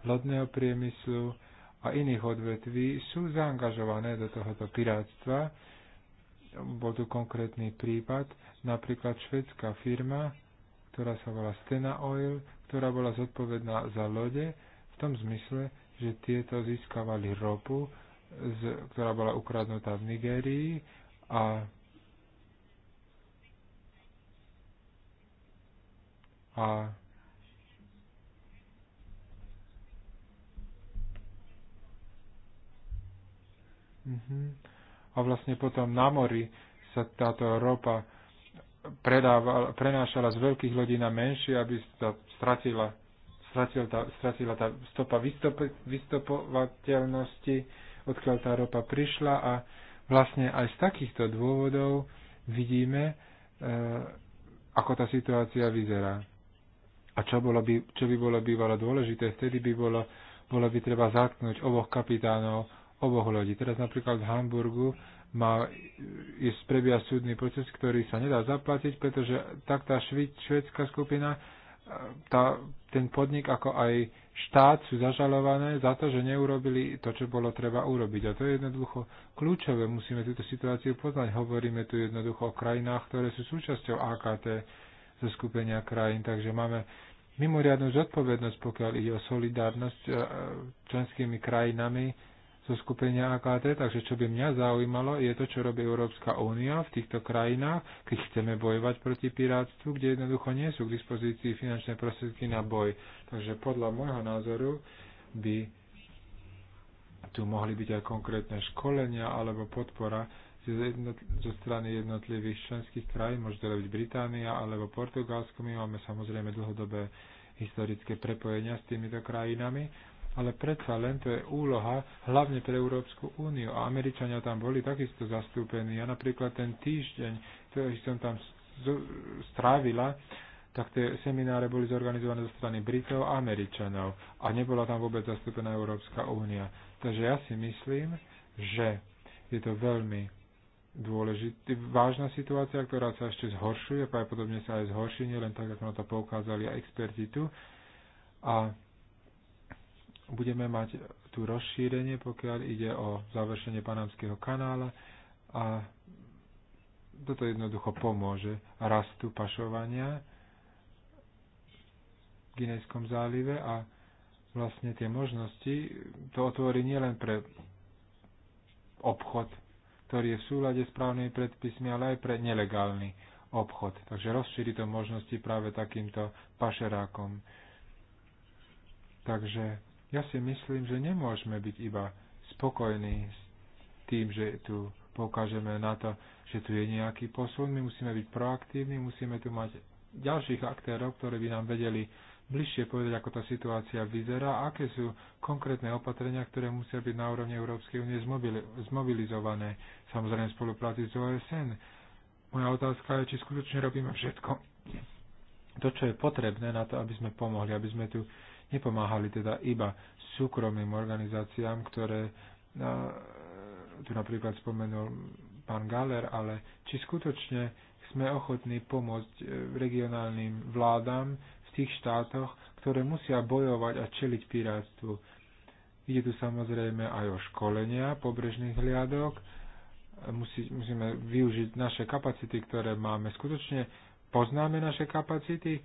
lodného priemyslu a iných odvetví sú zaangažované do tohoto pirátstva. Bol tu konkrétny prípad, napríklad švedská firma, ktorá sa volá Stena Oil, ktorá bola zodpovedná za lode v tom zmysle, že tieto získavali ropu, z, ktorá bola ukradnutá v Nigérii a a Uh-huh. A vlastne potom na mori sa táto ropa prenášala z veľkých lodí na menšie, aby sa stratila, stratila tá, stratila tá stopa vystop, vystopovateľnosti, odkiaľ tá ropa prišla a vlastne aj z takýchto dôvodov vidíme, e, ako tá situácia vyzerá. A čo, bolo by, čo by bolo bývalo dôležité, vtedy by bolo, bolo by treba zatknúť oboch kapitánov oboch lodí. Teraz napríklad v Hamburgu má ísť prebia súdny proces, ktorý sa nedá zaplatiť, pretože tak tá švedská skupina, e, tá, ten podnik ako aj štát sú zažalované za to, že neurobili to, čo bolo treba urobiť. A to je jednoducho kľúčové. Musíme túto situáciu poznať. Hovoríme tu jednoducho o krajinách, ktoré sú súčasťou AKT zo skupenia krajín. Takže máme mimoriadnú zodpovednosť, pokiaľ ide o solidárnosť e, e, členskými krajinami zo skupenia AKT, takže čo by mňa zaujímalo, je to, čo robí Európska únia v týchto krajinách, keď chceme bojovať proti pirátstvu, kde jednoducho nie sú k dispozícii finančné prostriedky na boj. Takže podľa môjho názoru by tu mohli byť aj konkrétne školenia alebo podpora zo strany jednotlivých členských krajín, môže to robiť Británia alebo Portugalsko. My máme samozrejme dlhodobé historické prepojenia s týmito krajinami ale predsa len to je úloha hlavne pre Európsku úniu a Američania tam boli takisto zastúpení. Ja napríklad ten týždeň, ktorý som tam strávila, tak tie semináre boli zorganizované zo strany Britov a Američanov a nebola tam vôbec zastúpená Európska únia. Takže ja si myslím, že je to veľmi dôležitý, vážna situácia, ktorá sa ešte zhoršuje, pravdepodobne sa aj zhorší, nielen tak, ako na to poukázali aj experti tu. A budeme mať tu rozšírenie, pokiaľ ide o završenie Panamského kanála a toto jednoducho pomôže rastu pašovania v Ginejskom zálive a vlastne tie možnosti to otvorí nielen pre obchod, ktorý je v súlade s právnymi predpismi, ale aj pre nelegálny obchod. Takže rozšíri to možnosti práve takýmto pašerákom. Takže ja si myslím, že nemôžeme byť iba spokojní s tým, že tu poukážeme na to, že tu je nejaký posun. My musíme byť proaktívni, musíme tu mať ďalších aktérov, ktorí by nám vedeli bližšie povedať, ako tá situácia vyzerá, aké sú konkrétne opatrenia, ktoré musia byť na úrovni Európskej únie zmobilizované, samozrejme v spolupráci s OSN. Moja otázka je, či skutočne robíme všetko to, čo je potrebné na to, aby sme pomohli, aby sme tu nepomáhali teda iba súkromným organizáciám, ktoré na, tu napríklad spomenul pán Galer, ale či skutočne sme ochotní pomôcť e, regionálnym vládam v tých štátoch, ktoré musia bojovať a čeliť pirátstvu. Ide tu samozrejme aj o školenia pobrežných hliadok. Musí, musíme využiť naše kapacity, ktoré máme. Skutočne poznáme naše kapacity,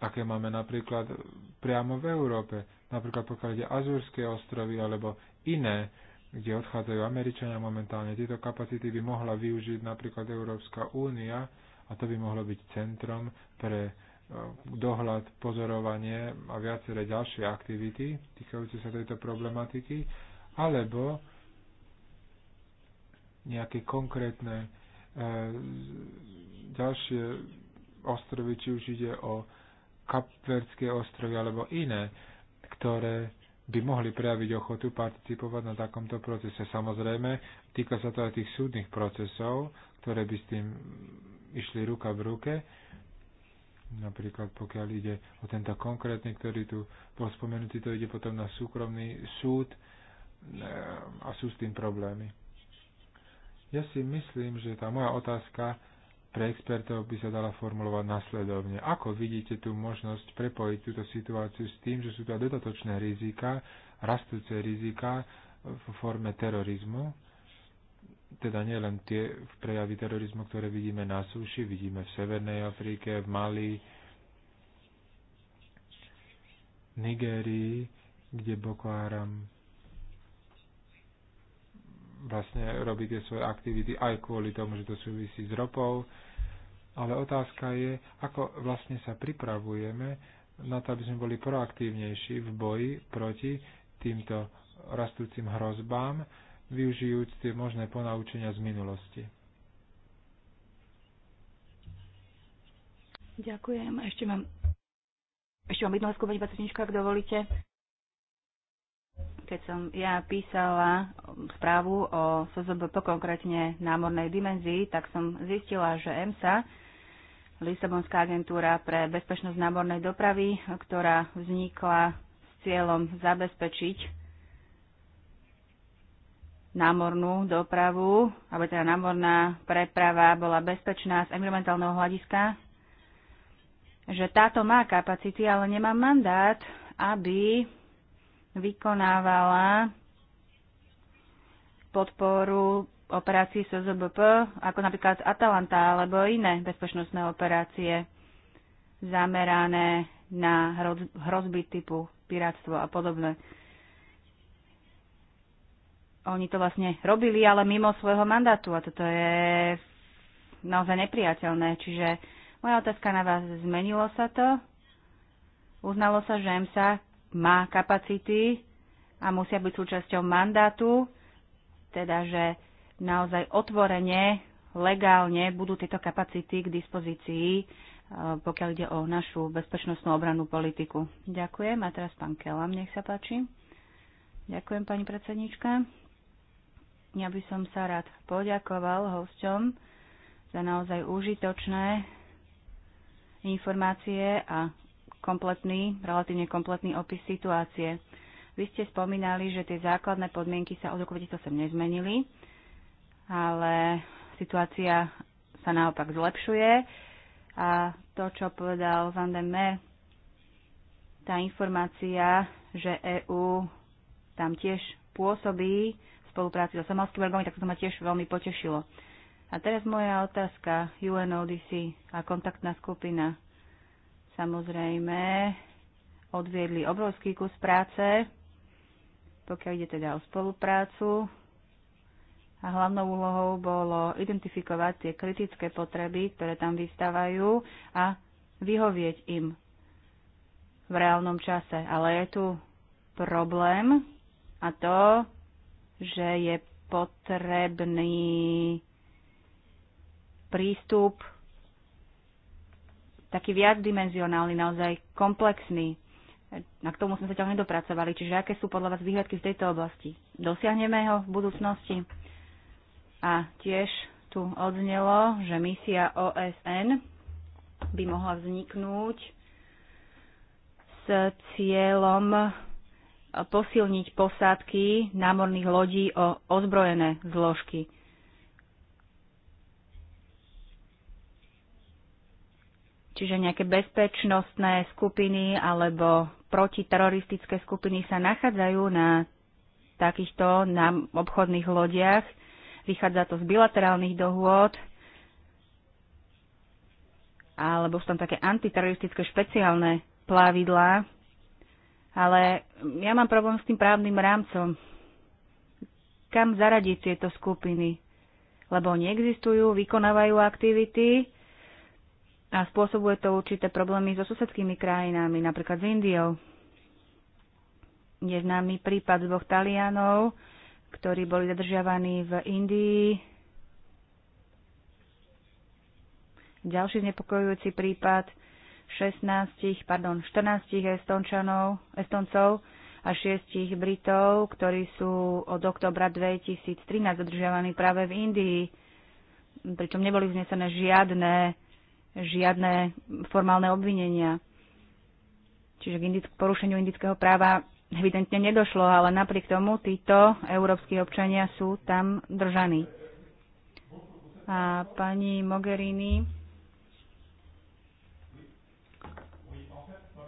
aké máme napríklad priamo v Európe, napríklad pokiaľ ide Azurské ostrovy alebo iné, kde odchádzajú Američania momentálne. Tieto kapacity by mohla využiť napríklad Európska únia a to by mohlo byť centrom pre e, dohľad, pozorovanie a viaceré ďalšie aktivity týkajúce sa tejto problematiky, alebo nejaké konkrétne e, ďalšie ostrovy, či už ide o Kapverské ostrovy alebo iné, ktoré by mohli prejaviť ochotu participovať na takomto procese. Samozrejme, týka sa to aj tých súdnych procesov, ktoré by s tým išli ruka v ruke. Napríklad pokiaľ ide o tento konkrétny, ktorý tu bol spomenutý, to ide potom na súkromný súd e, a sú s tým problémy. Ja si myslím, že tá moja otázka pre expertov by sa dala formulovať nasledovne. Ako vidíte tú možnosť prepojiť túto situáciu s tým, že sú to dodatočné rizika, rastúce rizika v forme terorizmu, teda nielen tie prejavy terorizmu, ktoré vidíme na súši, vidíme v Severnej Afrike, v Mali, Nigérii, kde Boko Haram vlastne robí tie svoje aktivity aj kvôli tomu, že to súvisí s ropou. Ale otázka je, ako vlastne sa pripravujeme na to, aby sme boli proaktívnejší v boji proti týmto rastúcim hrozbám, využijúc tie možné ponaučenia z minulosti. Ďakujem. Ešte mám, ešte mám jednu otázku, pani ak dovolíte keď som ja písala správu o SZBP, konkrétne námornej dimenzii, tak som zistila, že EMSA, Lisabonská agentúra pre bezpečnosť námornej dopravy, ktorá vznikla s cieľom zabezpečiť námornú dopravu, aby teda námorná preprava bola bezpečná z environmentálneho hľadiska, že táto má kapacity, ale nemá mandát, aby vykonávala podporu operácií SZBP, ako napríklad Atalanta alebo iné bezpečnostné operácie zamerané na hrozby typu pirátstvo a podobné. Oni to vlastne robili, ale mimo svojho mandátu a toto je naozaj nepriateľné. Čiže moja otázka na vás, zmenilo sa to? Uznalo sa, že MSA má kapacity a musia byť súčasťou mandátu, teda že naozaj otvorene, legálne budú tieto kapacity k dispozícii, e, pokiaľ ide o našu bezpečnostnú obranú politiku. Ďakujem. A teraz pán Kelam, nech sa páči. Ďakujem, pani predsednička. Ja by som sa rád poďakoval hosťom za naozaj užitočné informácie a kompletný, relatívne kompletný opis situácie. Vy ste spomínali, že tie základné podmienky sa od roku 2008 nezmenili, ale situácia sa naopak zlepšuje a to, čo povedal Van den Meer, tá informácia, že EÚ tam tiež pôsobí v spolupráci so somalskými orgánmi, tak to ma tiež veľmi potešilo. A teraz moja otázka UNODC a kontaktná skupina samozrejme odviedli obrovský kus práce, pokiaľ ide teda o spoluprácu. A hlavnou úlohou bolo identifikovať tie kritické potreby, ktoré tam vystávajú a vyhovieť im v reálnom čase. Ale je tu problém a to, že je potrebný prístup taký viacdimenzionálny, naozaj komplexný. Na k tomu sme sa ťa nedopracovali. Čiže aké sú podľa vás výhľadky v tejto oblasti? Dosiahneme ho v budúcnosti? A tiež tu odznelo, že misia OSN by mohla vzniknúť s cieľom posilniť posádky námorných lodí o ozbrojené zložky. Čiže nejaké bezpečnostné skupiny alebo protiteroristické skupiny sa nachádzajú na takýchto na obchodných lodiach. Vychádza to z bilaterálnych dohôd, alebo sú tam také antiteroristické špeciálne plavidlá. Ale ja mám problém s tým právnym rámcom. Kam zaradiť tieto skupiny? Lebo neexistujú, vykonávajú aktivity, a spôsobuje to určité problémy so susedskými krajinami, napríklad s Indiou. Je známy prípad dvoch Talianov, ktorí boli zadržiavaní v Indii. Ďalší znepokojujúci prípad 16, pardon, 14 Estončanov, Estoncov a 6 Britov, ktorí sú od oktobra 2013 zadržiavaní práve v Indii, pričom neboli vznesené žiadne žiadne formálne obvinenia. Čiže k, indick- porušeniu indického práva evidentne nedošlo, ale napriek tomu títo európsky občania sú tam držaní. A pani Mogherini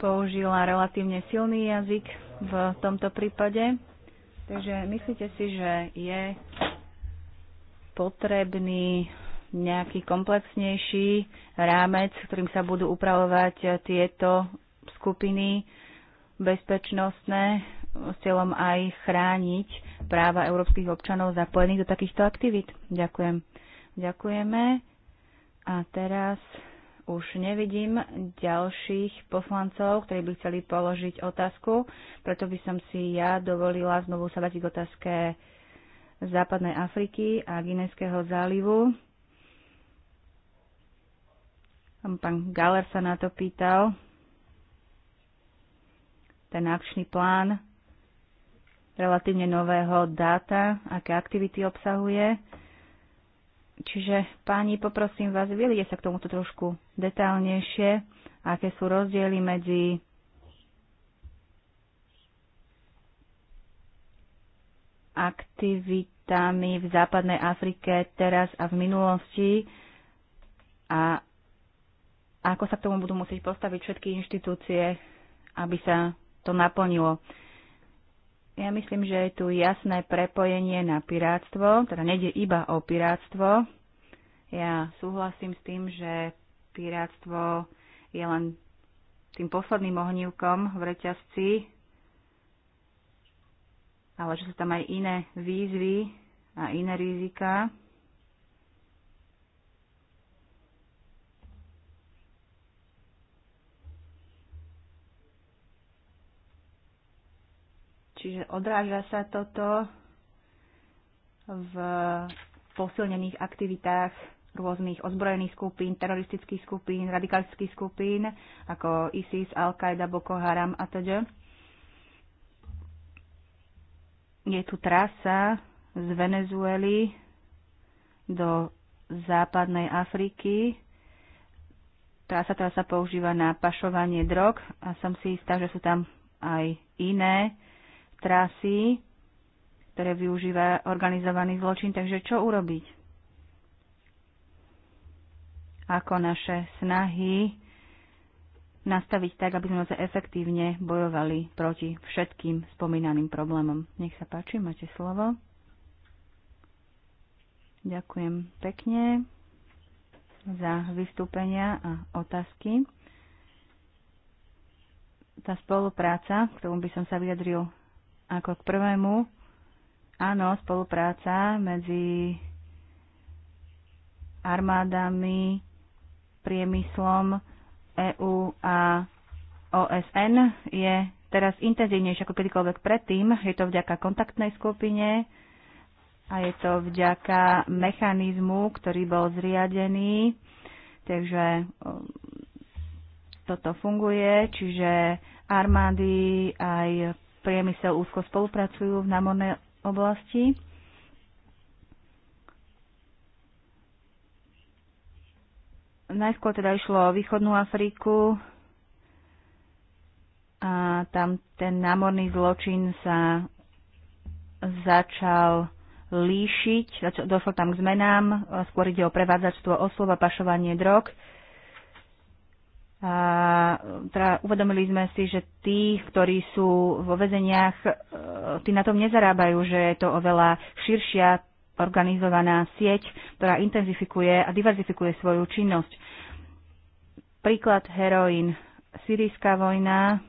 použila relatívne silný jazyk v tomto prípade. Takže myslíte si, že je potrebný nejaký komplexnejší rámec, ktorým sa budú upravovať tieto skupiny bezpečnostné s cieľom aj chrániť práva európskych občanov zapojených do takýchto aktivít. Ďakujem. Ďakujeme. A teraz už nevidím ďalších poslancov, ktorí by chceli položiť otázku, preto by som si ja dovolila znovu sa vrátiť k otázke Západnej Afriky a Gineského zálivu. Pán Galer sa na to pýtal. Ten akčný plán relatívne nového dáta, aké aktivity obsahuje. Čiže páni, poprosím vás, vyjadrite sa k tomuto trošku detálnejšie, aké sú rozdiely medzi aktivitami v západnej Afrike teraz a v minulosti a a ako sa k tomu budú musieť postaviť všetky inštitúcie, aby sa to naplnilo. Ja myslím, že je tu jasné prepojenie na piráctvo, teda nejde iba o piráctvo. Ja súhlasím s tým, že piráctvo je len tým posledným ohnívkom v reťazci, ale že sú tam aj iné výzvy a iné rizika. odráža sa toto v posilnených aktivitách rôznych ozbrojených skupín, teroristických skupín, radikalistických skupín, ako ISIS, Al-Qaida, Boko Haram a teda. Je tu trasa z Venezuely do západnej Afriky. Trasa, ktorá sa používa na pašovanie drog a som si istá, že sú tam aj iné trasy, ktoré využíva organizovaný zločin. Takže čo urobiť? Ako naše snahy nastaviť tak, aby sme sa efektívne bojovali proti všetkým spomínaným problémom. Nech sa páči, máte slovo. Ďakujem pekne za vystúpenia a otázky. Tá spolupráca, k tomu by som sa vyjadril ako k prvému. Áno, spolupráca medzi armádami, priemyslom EÚ a OSN je teraz intenzívnejšie ako kedykoľvek predtým. Je to vďaka kontaktnej skupine a je to vďaka mechanizmu, ktorý bol zriadený. Takže um, toto funguje, čiže armády aj priemysel úzko spolupracujú v námorné oblasti. Najskôr teda išlo o východnú Afriku a tam ten námorný zločin sa začal líšiť, došlo tam k zmenám, skôr ide o prevádzačstvo oslova, pašovanie drog teda uvedomili sme si, že tí, ktorí sú vo vezeniach, e, tí na tom nezarábajú, že je to oveľa širšia organizovaná sieť, ktorá intenzifikuje a diverzifikuje svoju činnosť. Príklad heroín. Syrijská vojna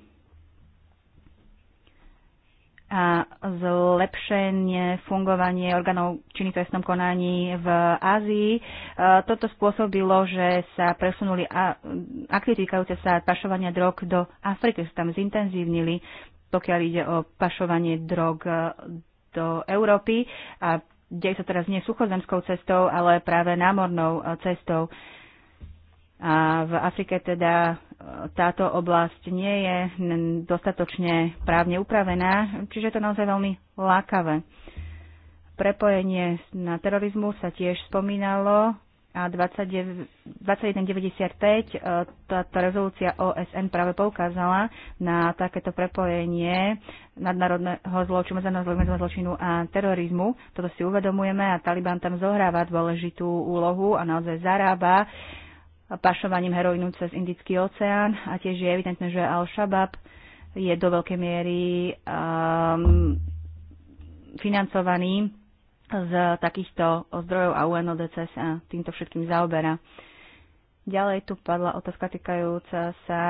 a zlepšenie fungovanie orgánov činných trestnom konaní v Ázii. E, toto spôsobilo, že sa presunuli aktivity týkajúce sa pašovania drog do Afriky, sa tam zintenzívnili, pokiaľ ide o pašovanie drog e, do Európy a deje sa teraz nie suchozemskou cestou, ale práve námornou e, cestou. Uh, a v Afrike teda e, táto oblasť nie je dostatočne právne upravená, čiže je to naozaj veľmi lákavé. Prepojenie na terorizmu sa tiež spomínalo a 2195 e, táto rezolúcia OSN práve poukázala na takéto prepojenie nadnárodného zločinu, medzinárodného zločinu a terorizmu. Toto si uvedomujeme a Taliban tam zohráva dôležitú úlohu a naozaj zarába pašovaním heroínu cez Indický oceán a tiež je evidentné, že Al-Shabaab je do veľkej miery um, financovaný z takýchto zdrojov a UNODC sa týmto všetkým zaoberá. Ďalej tu padla otázka týkajúca sa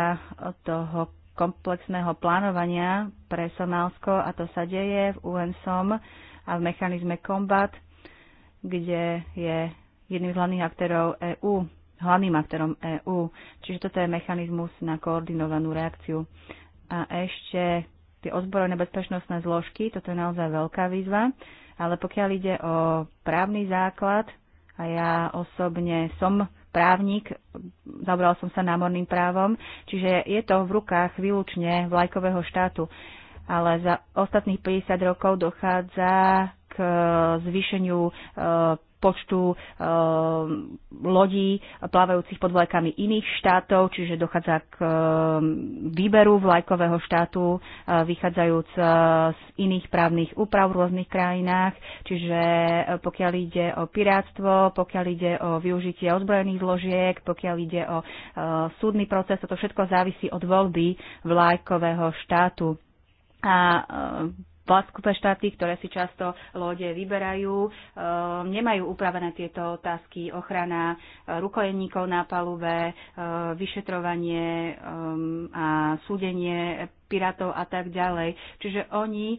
toho komplexného plánovania pre Somálsko a to sa deje v UNSOM a v mechanizme Combat, kde je jedným z hlavných aktérov EÚ hlavným aktorom EÚ. Čiže toto je mechanizmus na koordinovanú reakciu. A ešte tie ozbrojené bezpečnostné zložky, toto je naozaj veľká výzva, ale pokiaľ ide o právny základ, a ja osobne som právnik, zaoberal som sa námorným právom, čiže je to v rukách výlučne vlajkového štátu. Ale za ostatných 50 rokov dochádza k zvýšeniu e, počtu eh, lodí plávajúcich pod vlajkami iných štátov, čiže dochádza k eh, výberu vlajkového štátu eh, vychádzajúc z iných právnych úprav v rôznych krajinách, čiže pokiaľ ide o pirátstvo, pokiaľ ide o využitie ozbrojených zložiek, pokiaľ ide o súdny proces, toto všetko závisí od voľby vlajkového štátu. A podkupe štáty, ktoré si často lode vyberajú, e, nemajú upravené tieto otázky, ochrana e, rukojeníkov na palube, e, vyšetrovanie a súdenie pirátov a tak ďalej. Čiže oni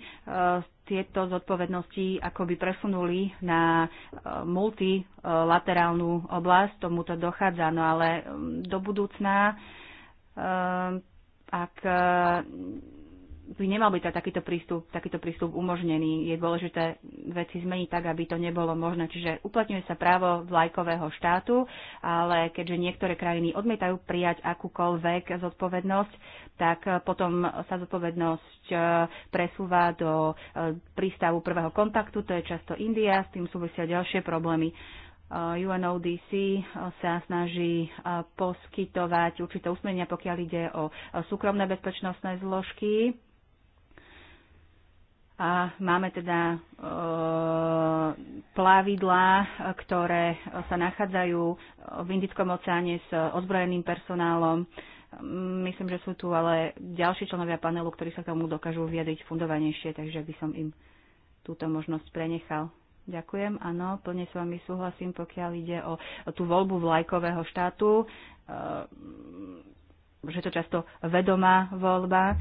tieto zodpovednosti akoby presunuli na multilaterálnu oblasť, tomuto dochádza, no ale do budúcna, ak by nemal byť takýto prístup, takýto prístup umožnený. Je dôležité veci zmeniť tak, aby to nebolo možné. Čiže uplatňuje sa právo vlajkového štátu, ale keďže niektoré krajiny odmietajú prijať akúkoľvek zodpovednosť, tak eh, potom sa zodpovednosť eh, presúva do eh, prístavu prvého kontaktu, to je často India, s tým súvisia ďalšie problémy. UNODC sa snaží poskytovať určité usmenia, pokiaľ ide o súkromné bezpečnostné zložky. A máme teda e, plavidlá, ktoré sa nachádzajú v Indickom oceáne s ozbrojeným personálom. Myslím, že sú tu ale ďalší členovia panelu, ktorí sa k tomu dokážu vyjadriť fundovanejšie, takže by som im túto možnosť prenechal. Ďakujem, áno, plne s vami súhlasím, pokiaľ ide o, o tú voľbu vlajkového štátu, e, že to často vedomá voľba.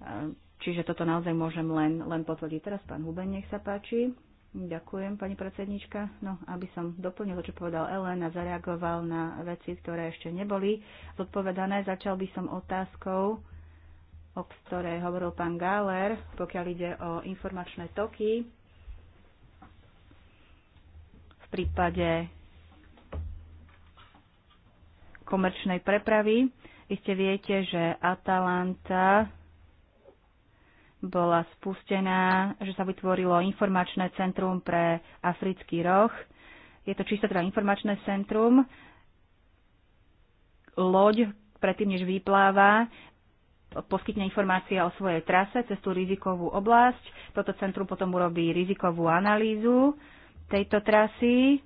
E, Čiže toto naozaj môžem len, len potvrdiť. Teraz pán Huben, nech sa páči. Ďakujem, pani predsednička. No, aby som doplnil čo povedal Ellen a zareagoval na veci, ktoré ešte neboli zodpovedané, začal by som otázkou, o ktorej hovoril pán Gáler, pokiaľ ide o informačné toky. V prípade komerčnej prepravy. Iste viete, že Atalanta bola spustená, že sa vytvorilo informačné centrum pre africký roh. Je to čisto teda informačné centrum. Loď predtým, než vypláva, poskytne informácie o svojej trase cez tú rizikovú oblasť. Toto centrum potom urobí rizikovú analýzu tejto trasy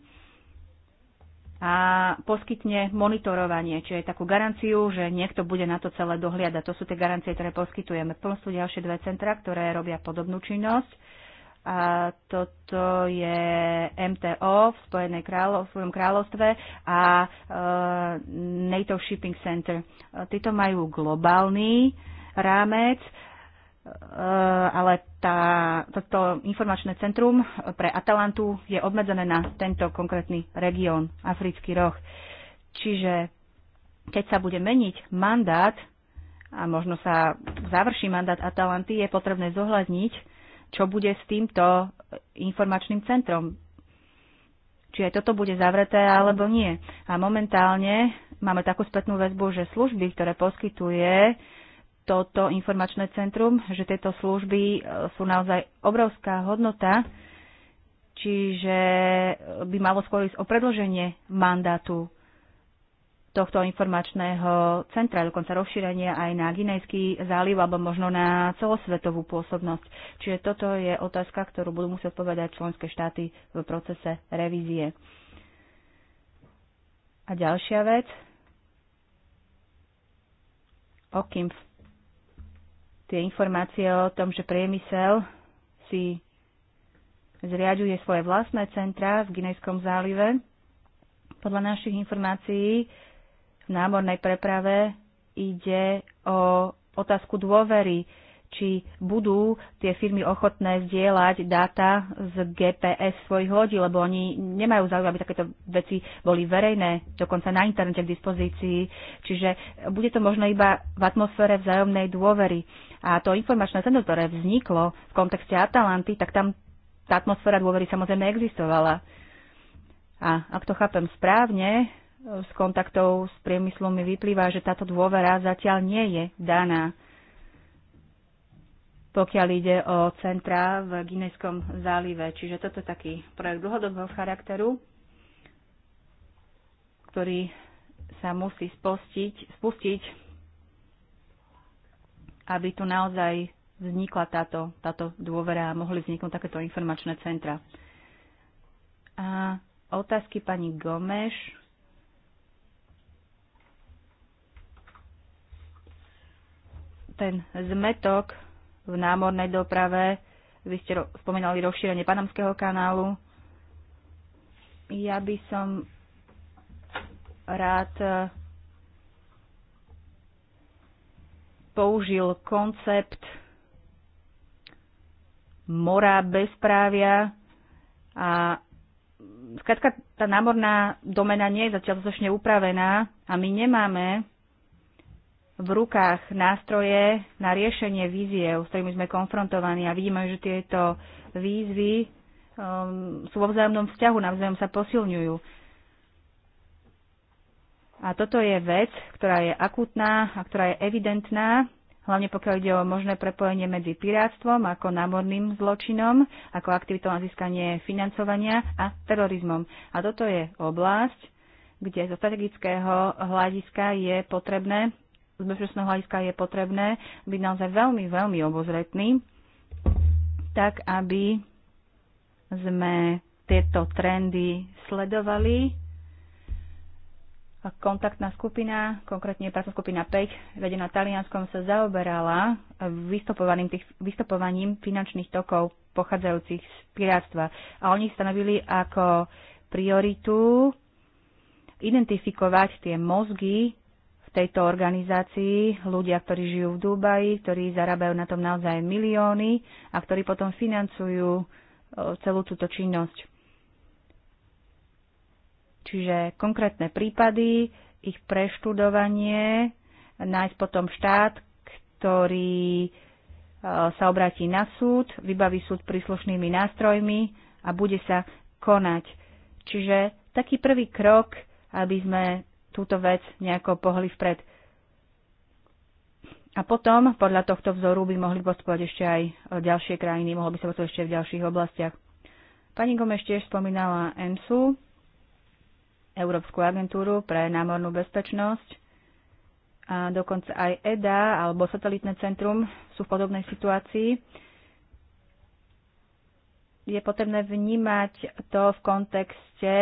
a poskytne monitorovanie, čiže takú garanciu, že niekto bude na to celé dohliadať. To sú tie garancie, ktoré poskytujeme. Potom sú ďalšie dve centra, ktoré robia podobnú činnosť. A toto je MTO v Spojenej kráľov, v svojom kráľovstve a uh, NATO Shipping Center. E, títo majú globálny rámec Eh, ale tá, toto informačné centrum pre Atalantu je obmedzené na tento konkrétny región, Africký roh. Čiže keď sa bude meniť mandát a možno sa završí mandát Atalanty, je potrebné zohľadniť, čo bude s týmto informačným centrom. Či aj toto bude zavreté alebo nie. A momentálne máme takú spätnú väzbu, že služby, ktoré poskytuje toto informačné centrum, že tieto služby e, sú naozaj obrovská hodnota, čiže e, by malo skôr ísť o predloženie mandátu tohto informačného centra, dokonca rozšírenie aj na Ginejský záliv alebo možno na celosvetovú pôsobnosť. Čiže toto je otázka, ktorú budú musieť povedať členské štáty v procese revízie. A ďalšia vec. OKIMF tie informácie o tom, že priemysel si zriaďuje svoje vlastné centra v Ginejskom zálive. Podľa našich informácií v námornej preprave ide o otázku dôvery či budú tie firmy ochotné zdieľať dáta z GPS svojich lodí, lebo oni nemajú záujem, aby takéto veci boli verejné, dokonca na internete k dispozícii. Čiže bude to možno iba v atmosfére vzájomnej dôvery. A to informačné centrum, ktoré vzniklo v kontexte Atalanty, tak tam tá atmosféra dôvery samozrejme existovala. A ak to chápem správne, z kontaktov s priemyslom mi vyplýva, že táto dôvera zatiaľ nie je daná pokiaľ ide o centra v Ginejskom zálive. Čiže toto je taký projekt dlhodobého charakteru, ktorý sa musí spustiť, spustiť aby tu naozaj vznikla táto, táto dôvera a mohli vzniknúť takéto informačné centra. A otázky pani Gomeš. Ten zmetok v námornej doprave. Vy ste ro- spomínali rozšírenie Panamského kanálu. Ja by som rád e, použil koncept mora bezprávia a skrátka tá námorná domena nie je zatiaľ dostatočne upravená a my nemáme v rukách nástroje na riešenie víziev, s ktorými sme konfrontovaní a vidíme, že tieto výzvy um, sú vo vzájomnom vzťahu, navzájom sa posilňujú. A toto je vec, ktorá je akutná a ktorá je evidentná, hlavne pokiaľ ide o možné prepojenie medzi pirátstvom ako námorným zločinom, ako aktivitou na získanie financovania a terorizmom. A toto je oblasť, kde zo strategického hľadiska je potrebné z bezpečnostného hľadiska je potrebné byť naozaj veľmi, veľmi obozretný, tak aby sme tieto trendy sledovali. Kontaktná skupina, konkrétne pracovná skupina 5, vedená Talianskom, sa zaoberala vystupovaním tých, vystupovaním finančných tokov pochádzajúcich z piráctva. A oni stanovili ako prioritu identifikovať tie mozgy v tejto organizácii ľudia, ktorí žijú v Dubaji, ktorí zarábajú na tom naozaj milióny a ktorí potom financujú e, celú túto činnosť. Čiže konkrétne prípady, ich preštudovanie, nájsť potom štát, ktorý e, sa obráti na súd, vybaví súd príslušnými nástrojmi a bude sa konať. Čiže taký prvý krok, aby sme túto vec nejako pohli vpred. A potom, podľa tohto vzoru, by mohli podporovať ešte aj e, ďalšie krajiny, mohlo by sa to ešte v ďalších oblastiach. Pani Gomeš tiež spomínala EMSU, Európsku agentúru pre námornú bezpečnosť, a dokonca aj EDA alebo satelitné centrum sú v podobnej situácii. Je potrebné vnímať to v kontexte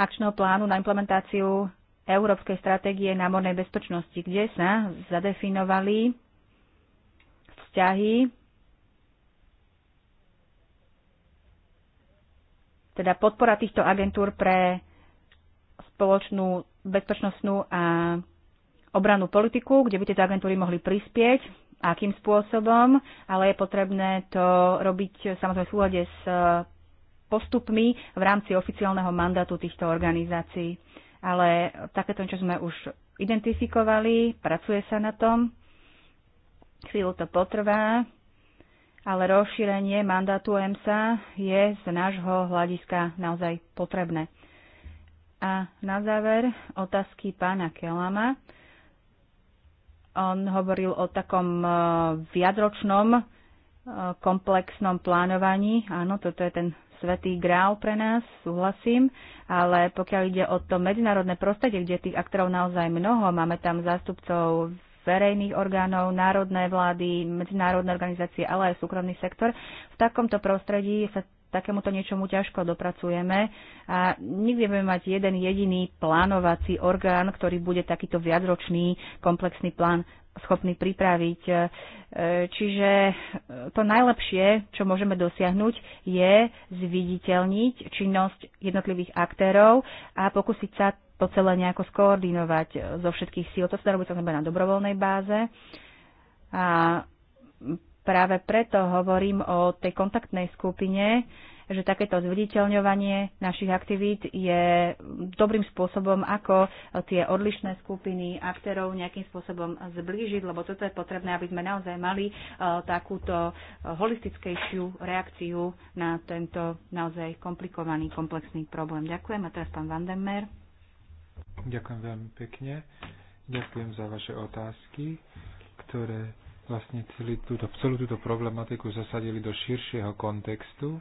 akčného plánu na implementáciu Európskej stratégie námornej bezpečnosti, kde sa zadefinovali vzťahy, teda podpora týchto agentúr pre spoločnú bezpečnostnú a obranú politiku, kde by tieto agentúry mohli prispieť, akým spôsobom, ale je potrebné to robiť samozrejme v súlade s postupmi v rámci oficiálneho mandátu týchto organizácií ale takéto niečo sme už identifikovali, pracuje sa na tom, chvíľu to potrvá, ale rozšírenie mandátu EMSA je z nášho hľadiska naozaj potrebné. A na záver otázky pána Kelama. On hovoril o takom e, viadročnom e, komplexnom plánovaní. Áno, toto je ten svetý grál pre nás, súhlasím, ale pokiaľ ide o to medzinárodné prostredie, kde tých aktorov naozaj mnoho, máme tam zástupcov verejných orgánov, národné vlády, medzinárodné organizácie, ale aj súkromný sektor. V takomto prostredí sa takémuto niečomu ťažko dopracujeme a nikdy budeme mať jeden jediný plánovací orgán, ktorý bude takýto viacročný komplexný plán schopní pripraviť. E, čiže e, to najlepšie, čo môžeme dosiahnuť, je zviditeľniť činnosť jednotlivých aktérov a pokúsiť sa to celé nejako skoordinovať zo všetkých síl. To sa robí robiť na dobrovoľnej báze. A práve preto hovorím o tej kontaktnej skupine, že takéto zviditeľňovanie našich aktivít je dobrým spôsobom, ako tie odlišné skupiny aktérov nejakým spôsobom zblížiť, lebo toto je potrebné, aby sme naozaj mali e, takúto holistickejšiu reakciu na tento naozaj komplikovaný, komplexný problém. Ďakujem a teraz pán Vandenmer. Ďakujem veľmi pekne. Ďakujem za vaše otázky, ktoré vlastne celý túto, celú túto problematiku zasadili do širšieho kontextu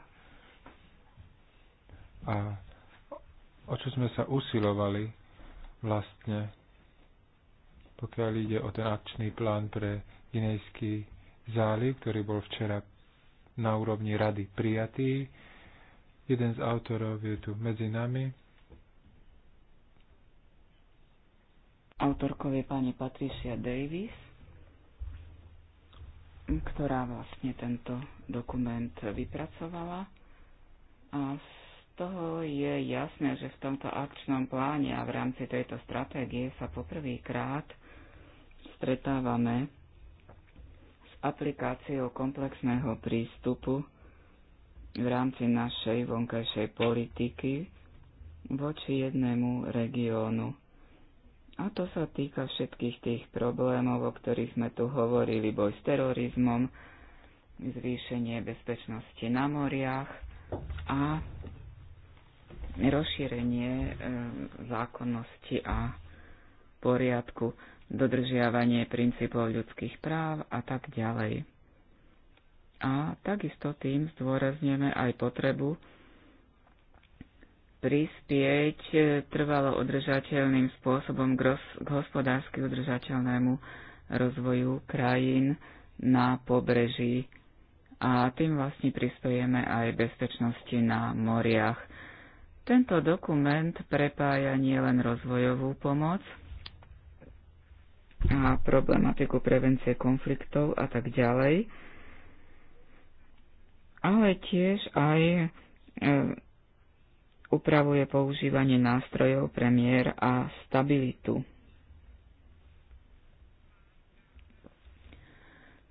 a o čo sme sa usilovali vlastne, pokiaľ ide o ten akčný plán pre Ginejský záliv, ktorý bol včera na úrovni rady prijatý. Jeden z autorov je tu medzi nami. Autorkou je pani Patricia Davis, ktorá vlastne tento dokument vypracovala a s toho je jasné, že v tomto akčnom pláne a v rámci tejto stratégie sa poprvýkrát stretávame s aplikáciou komplexného prístupu v rámci našej vonkajšej politiky voči jednému regiónu. A to sa týka všetkých tých problémov, o ktorých sme tu hovorili, boj s terorizmom, zvýšenie bezpečnosti na moriach a rozšírenie e, zákonnosti a poriadku, dodržiavanie princípov ľudských práv a tak ďalej. A takisto tým zdôrazneme aj potrebu prispieť e, trvalo udržateľným spôsobom k, hospodársky udržateľnému rozvoju krajín na pobreží a tým vlastne prispiejeme aj bezpečnosti na moriach. Tento dokument prepája nielen rozvojovú pomoc a problematiku prevencie konfliktov a tak ďalej, ale tiež aj e, upravuje používanie nástrojov pre mier a stabilitu.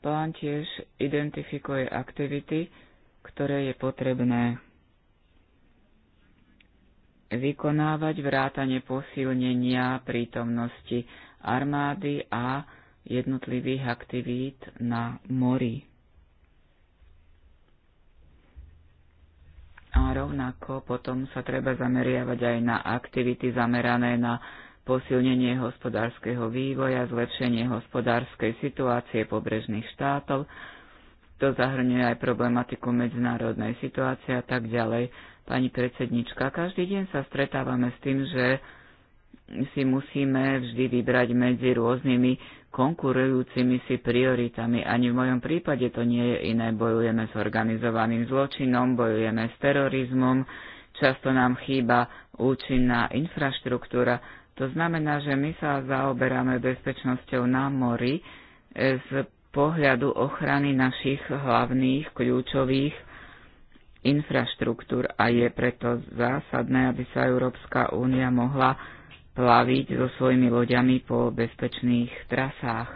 Plán tiež identifikuje aktivity, ktoré je potrebné vykonávať vrátanie posilnenia prítomnosti armády a jednotlivých aktivít na mori. A rovnako potom sa treba zameriavať aj na aktivity zamerané na posilnenie hospodárskeho vývoja, zlepšenie hospodárskej situácie pobrežných štátov, to zahrňuje aj problematiku medzinárodnej situácie a tak ďalej pani predsednička. Každý deň sa stretávame s tým, že si musíme vždy vybrať medzi rôznymi konkurujúcimi si prioritami. Ani v mojom prípade to nie je iné. Bojujeme s organizovaným zločinom, bojujeme s terorizmom, často nám chýba účinná infraštruktúra. To znamená, že my sa zaoberáme bezpečnosťou na mori z pohľadu ochrany našich hlavných kľúčových infraštruktúr a je preto zásadné, aby sa Európska únia mohla plaviť so svojimi loďami po bezpečných trasách.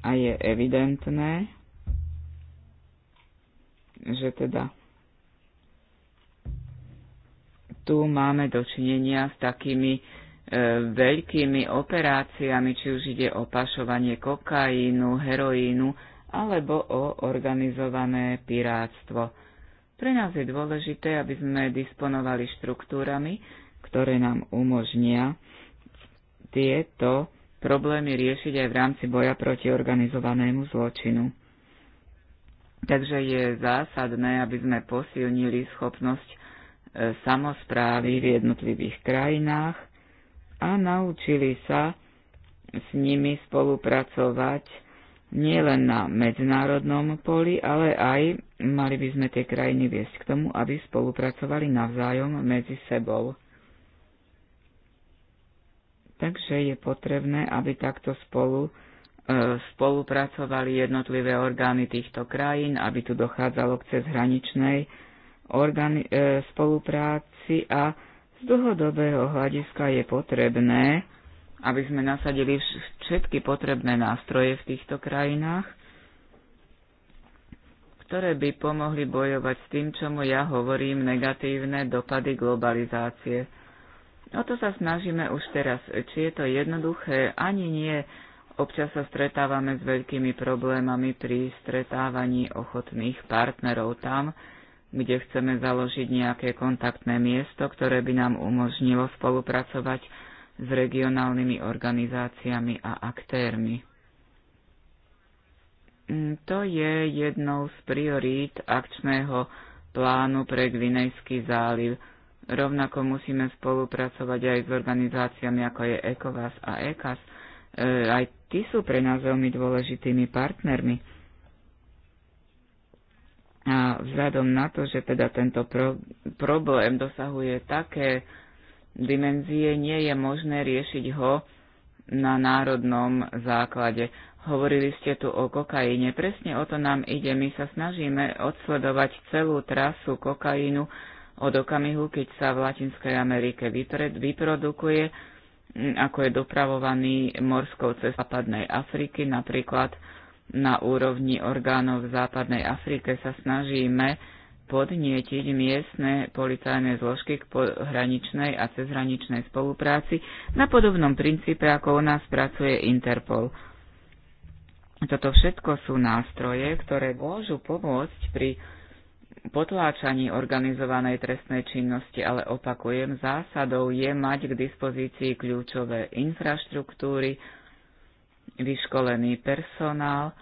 A je evidentné, že teda tu máme dočinenia s takými e, veľkými operáciami, či už ide o pašovanie kokainu, heroínu, alebo o organizované pirátstvo. Pre nás je dôležité, aby sme disponovali štruktúrami, ktoré nám umožnia tieto problémy riešiť aj v rámci boja proti organizovanému zločinu. Takže je zásadné, aby sme posilnili schopnosť e, samozprávy v jednotlivých krajinách a naučili sa s nimi spolupracovať nielen na medzinárodnom poli, ale aj mali by sme tie krajiny viesť k tomu, aby spolupracovali navzájom medzi sebou. Takže je potrebné, aby takto spolu e, spolupracovali jednotlivé orgány týchto krajín, aby tu dochádzalo k cezhraničnej orgány, e, spolupráci a z dlhodobého hľadiska je potrebné, aby sme nasadili všetky potrebné nástroje v týchto krajinách, ktoré by pomohli bojovať s tým, čomu ja hovorím negatívne dopady globalizácie. O to sa snažíme už teraz. Či je to jednoduché, ani nie. Občas sa stretávame s veľkými problémami pri stretávaní ochotných partnerov tam, kde chceme založiť nejaké kontaktné miesto, ktoré by nám umožnilo spolupracovať s regionálnymi organizáciami a aktérmi. Mm, to je jednou z priorít akčného plánu pre Gvinejský záliv. Rovnako musíme spolupracovať aj s organizáciami ako je ECOVAS a ECAS. E, aj tí sú pre nás veľmi dôležitými partnermi. A vzhľadom na to, že teda tento pro- problém dosahuje také dimenzie, nie je možné riešiť ho na národnom základe. Hovorili ste tu o kokaine. Presne o to nám ide. My sa snažíme odsledovať celú trasu kokainu od okamihu, keď sa v Latinskej Amerike vyprodukuje, ako je dopravovaný morskou cez západnej Afriky. Napríklad na úrovni orgánov v západnej Afrike sa snažíme podnietiť miestne policajné zložky k hraničnej a cezhraničnej spolupráci na podobnom princípe, ako u nás pracuje Interpol. Toto všetko sú nástroje, ktoré môžu pomôcť pri potláčaní organizovanej trestnej činnosti, ale opakujem, zásadou je mať k dispozícii kľúčové infraštruktúry, vyškolený personál,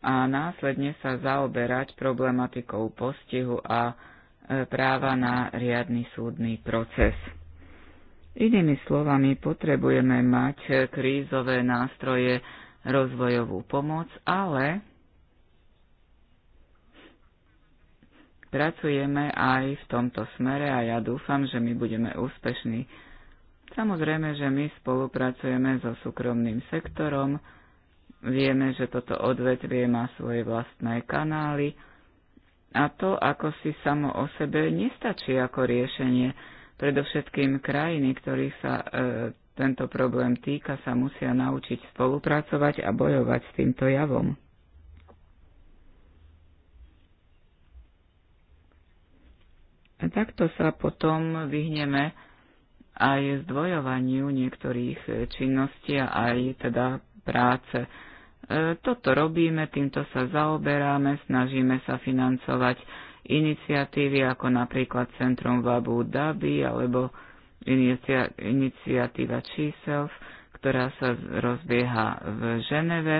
a následne sa zaoberať problematikou postihu a e, práva na riadny súdny proces. Inými slovami, potrebujeme mať krízové nástroje rozvojovú pomoc, ale pracujeme aj v tomto smere a ja dúfam, že my budeme úspešní. Samozrejme, že my spolupracujeme so súkromným sektorom, Vieme, že toto odvetvie má svoje vlastné kanály a to ako si samo o sebe nestačí ako riešenie. Predovšetkým krajiny, ktorých sa e, tento problém týka, sa musia naučiť spolupracovať a bojovať s týmto javom. A takto sa potom vyhneme aj zdvojovaniu niektorých činností a aj teda práce. E, toto robíme, týmto sa zaoberáme, snažíme sa financovať iniciatívy ako napríklad Centrum Vabu Abu Dhabi alebo inicia, iniciatíva čísel, ktorá sa rozbieha v Ženeve.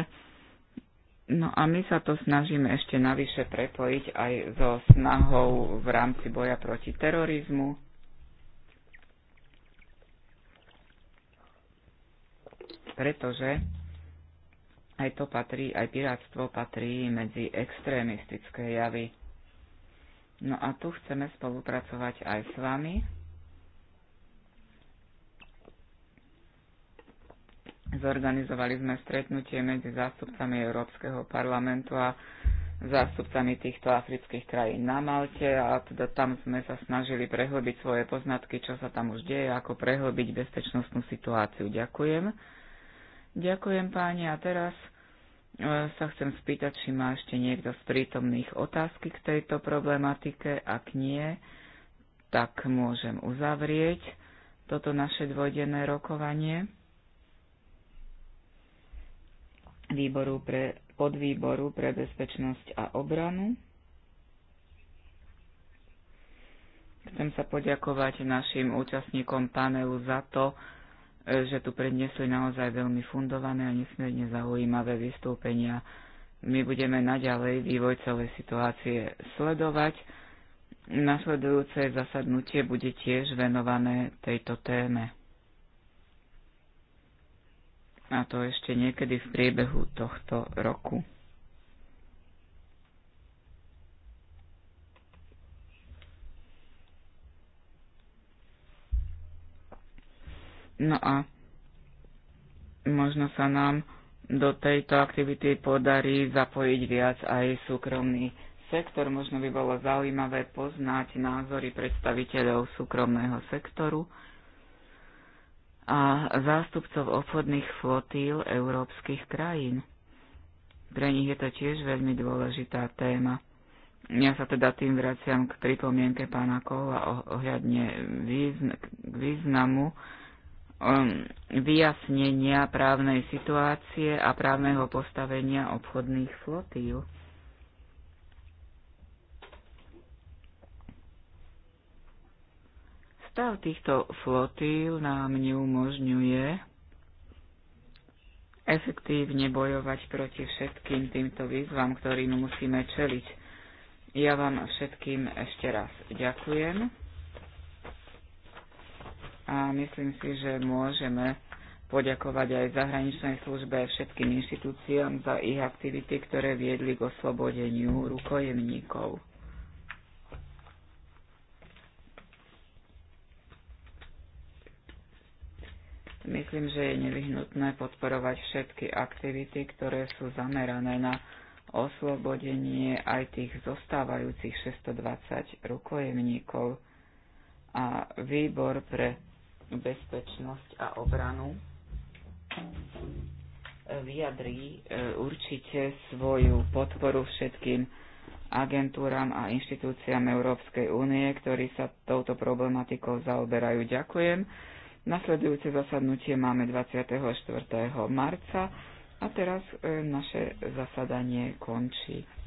No a my sa to snažíme ešte navyše prepojiť aj so snahou v rámci boja proti terorizmu. Pretože aj to patrí, aj piráctvo patrí medzi extrémistické javy. No a tu chceme spolupracovať aj s vami. Zorganizovali sme stretnutie medzi zástupcami Európskeho parlamentu a zástupcami týchto afrických krajín na Malte a teda tam sme sa snažili prehlbiť svoje poznatky, čo sa tam už deje, ako prehlbiť bezpečnostnú situáciu. Ďakujem. Ďakujem páni a teraz e, sa chcem spýtať, či má ešte niekto z prítomných otázky k tejto problematike. Ak nie, tak môžem uzavrieť toto naše dvojdenné rokovanie výboru pre, podvýboru pre bezpečnosť a obranu. Chcem sa poďakovať našim účastníkom panelu za to, že tu predniesli naozaj veľmi fundované a nesmierne zaujímavé vystúpenia. My budeme naďalej vývoj celej situácie sledovať. Nasledujúce zasadnutie bude tiež venované tejto téme. A to ešte niekedy v priebehu tohto roku. No a možno sa nám do tejto aktivity podarí zapojiť viac aj súkromný sektor. Možno by bolo zaujímavé poznať názory predstaviteľov súkromného sektoru a zástupcov obchodných flotíl európskych krajín. Pre nich je to tiež veľmi dôležitá téma. Ja sa teda tým vraciam k pripomienke pána Kola ohľadne k významu Um, vyjasnenia právnej situácie a právneho postavenia obchodných flotíl. Stav týchto flotíl nám neumožňuje efektívne bojovať proti všetkým týmto výzvam, ktorým musíme čeliť. Ja vám všetkým ešte raz ďakujem a myslím si, že môžeme poďakovať aj zahraničnej službe a všetkým inštitúciám za ich aktivity, ktoré viedli k oslobodeniu rukojemníkov. Myslím, že je nevyhnutné podporovať všetky aktivity, ktoré sú zamerané na oslobodenie aj tých zostávajúcich 620 rukojemníkov a výbor pre bezpečnosť a obranu e, vyjadrí e, určite svoju podporu všetkým agentúram a inštitúciám Európskej únie, ktorí sa touto problematikou zaoberajú. Ďakujem. Nasledujúce zasadnutie máme 24. marca a teraz e, naše zasadanie končí.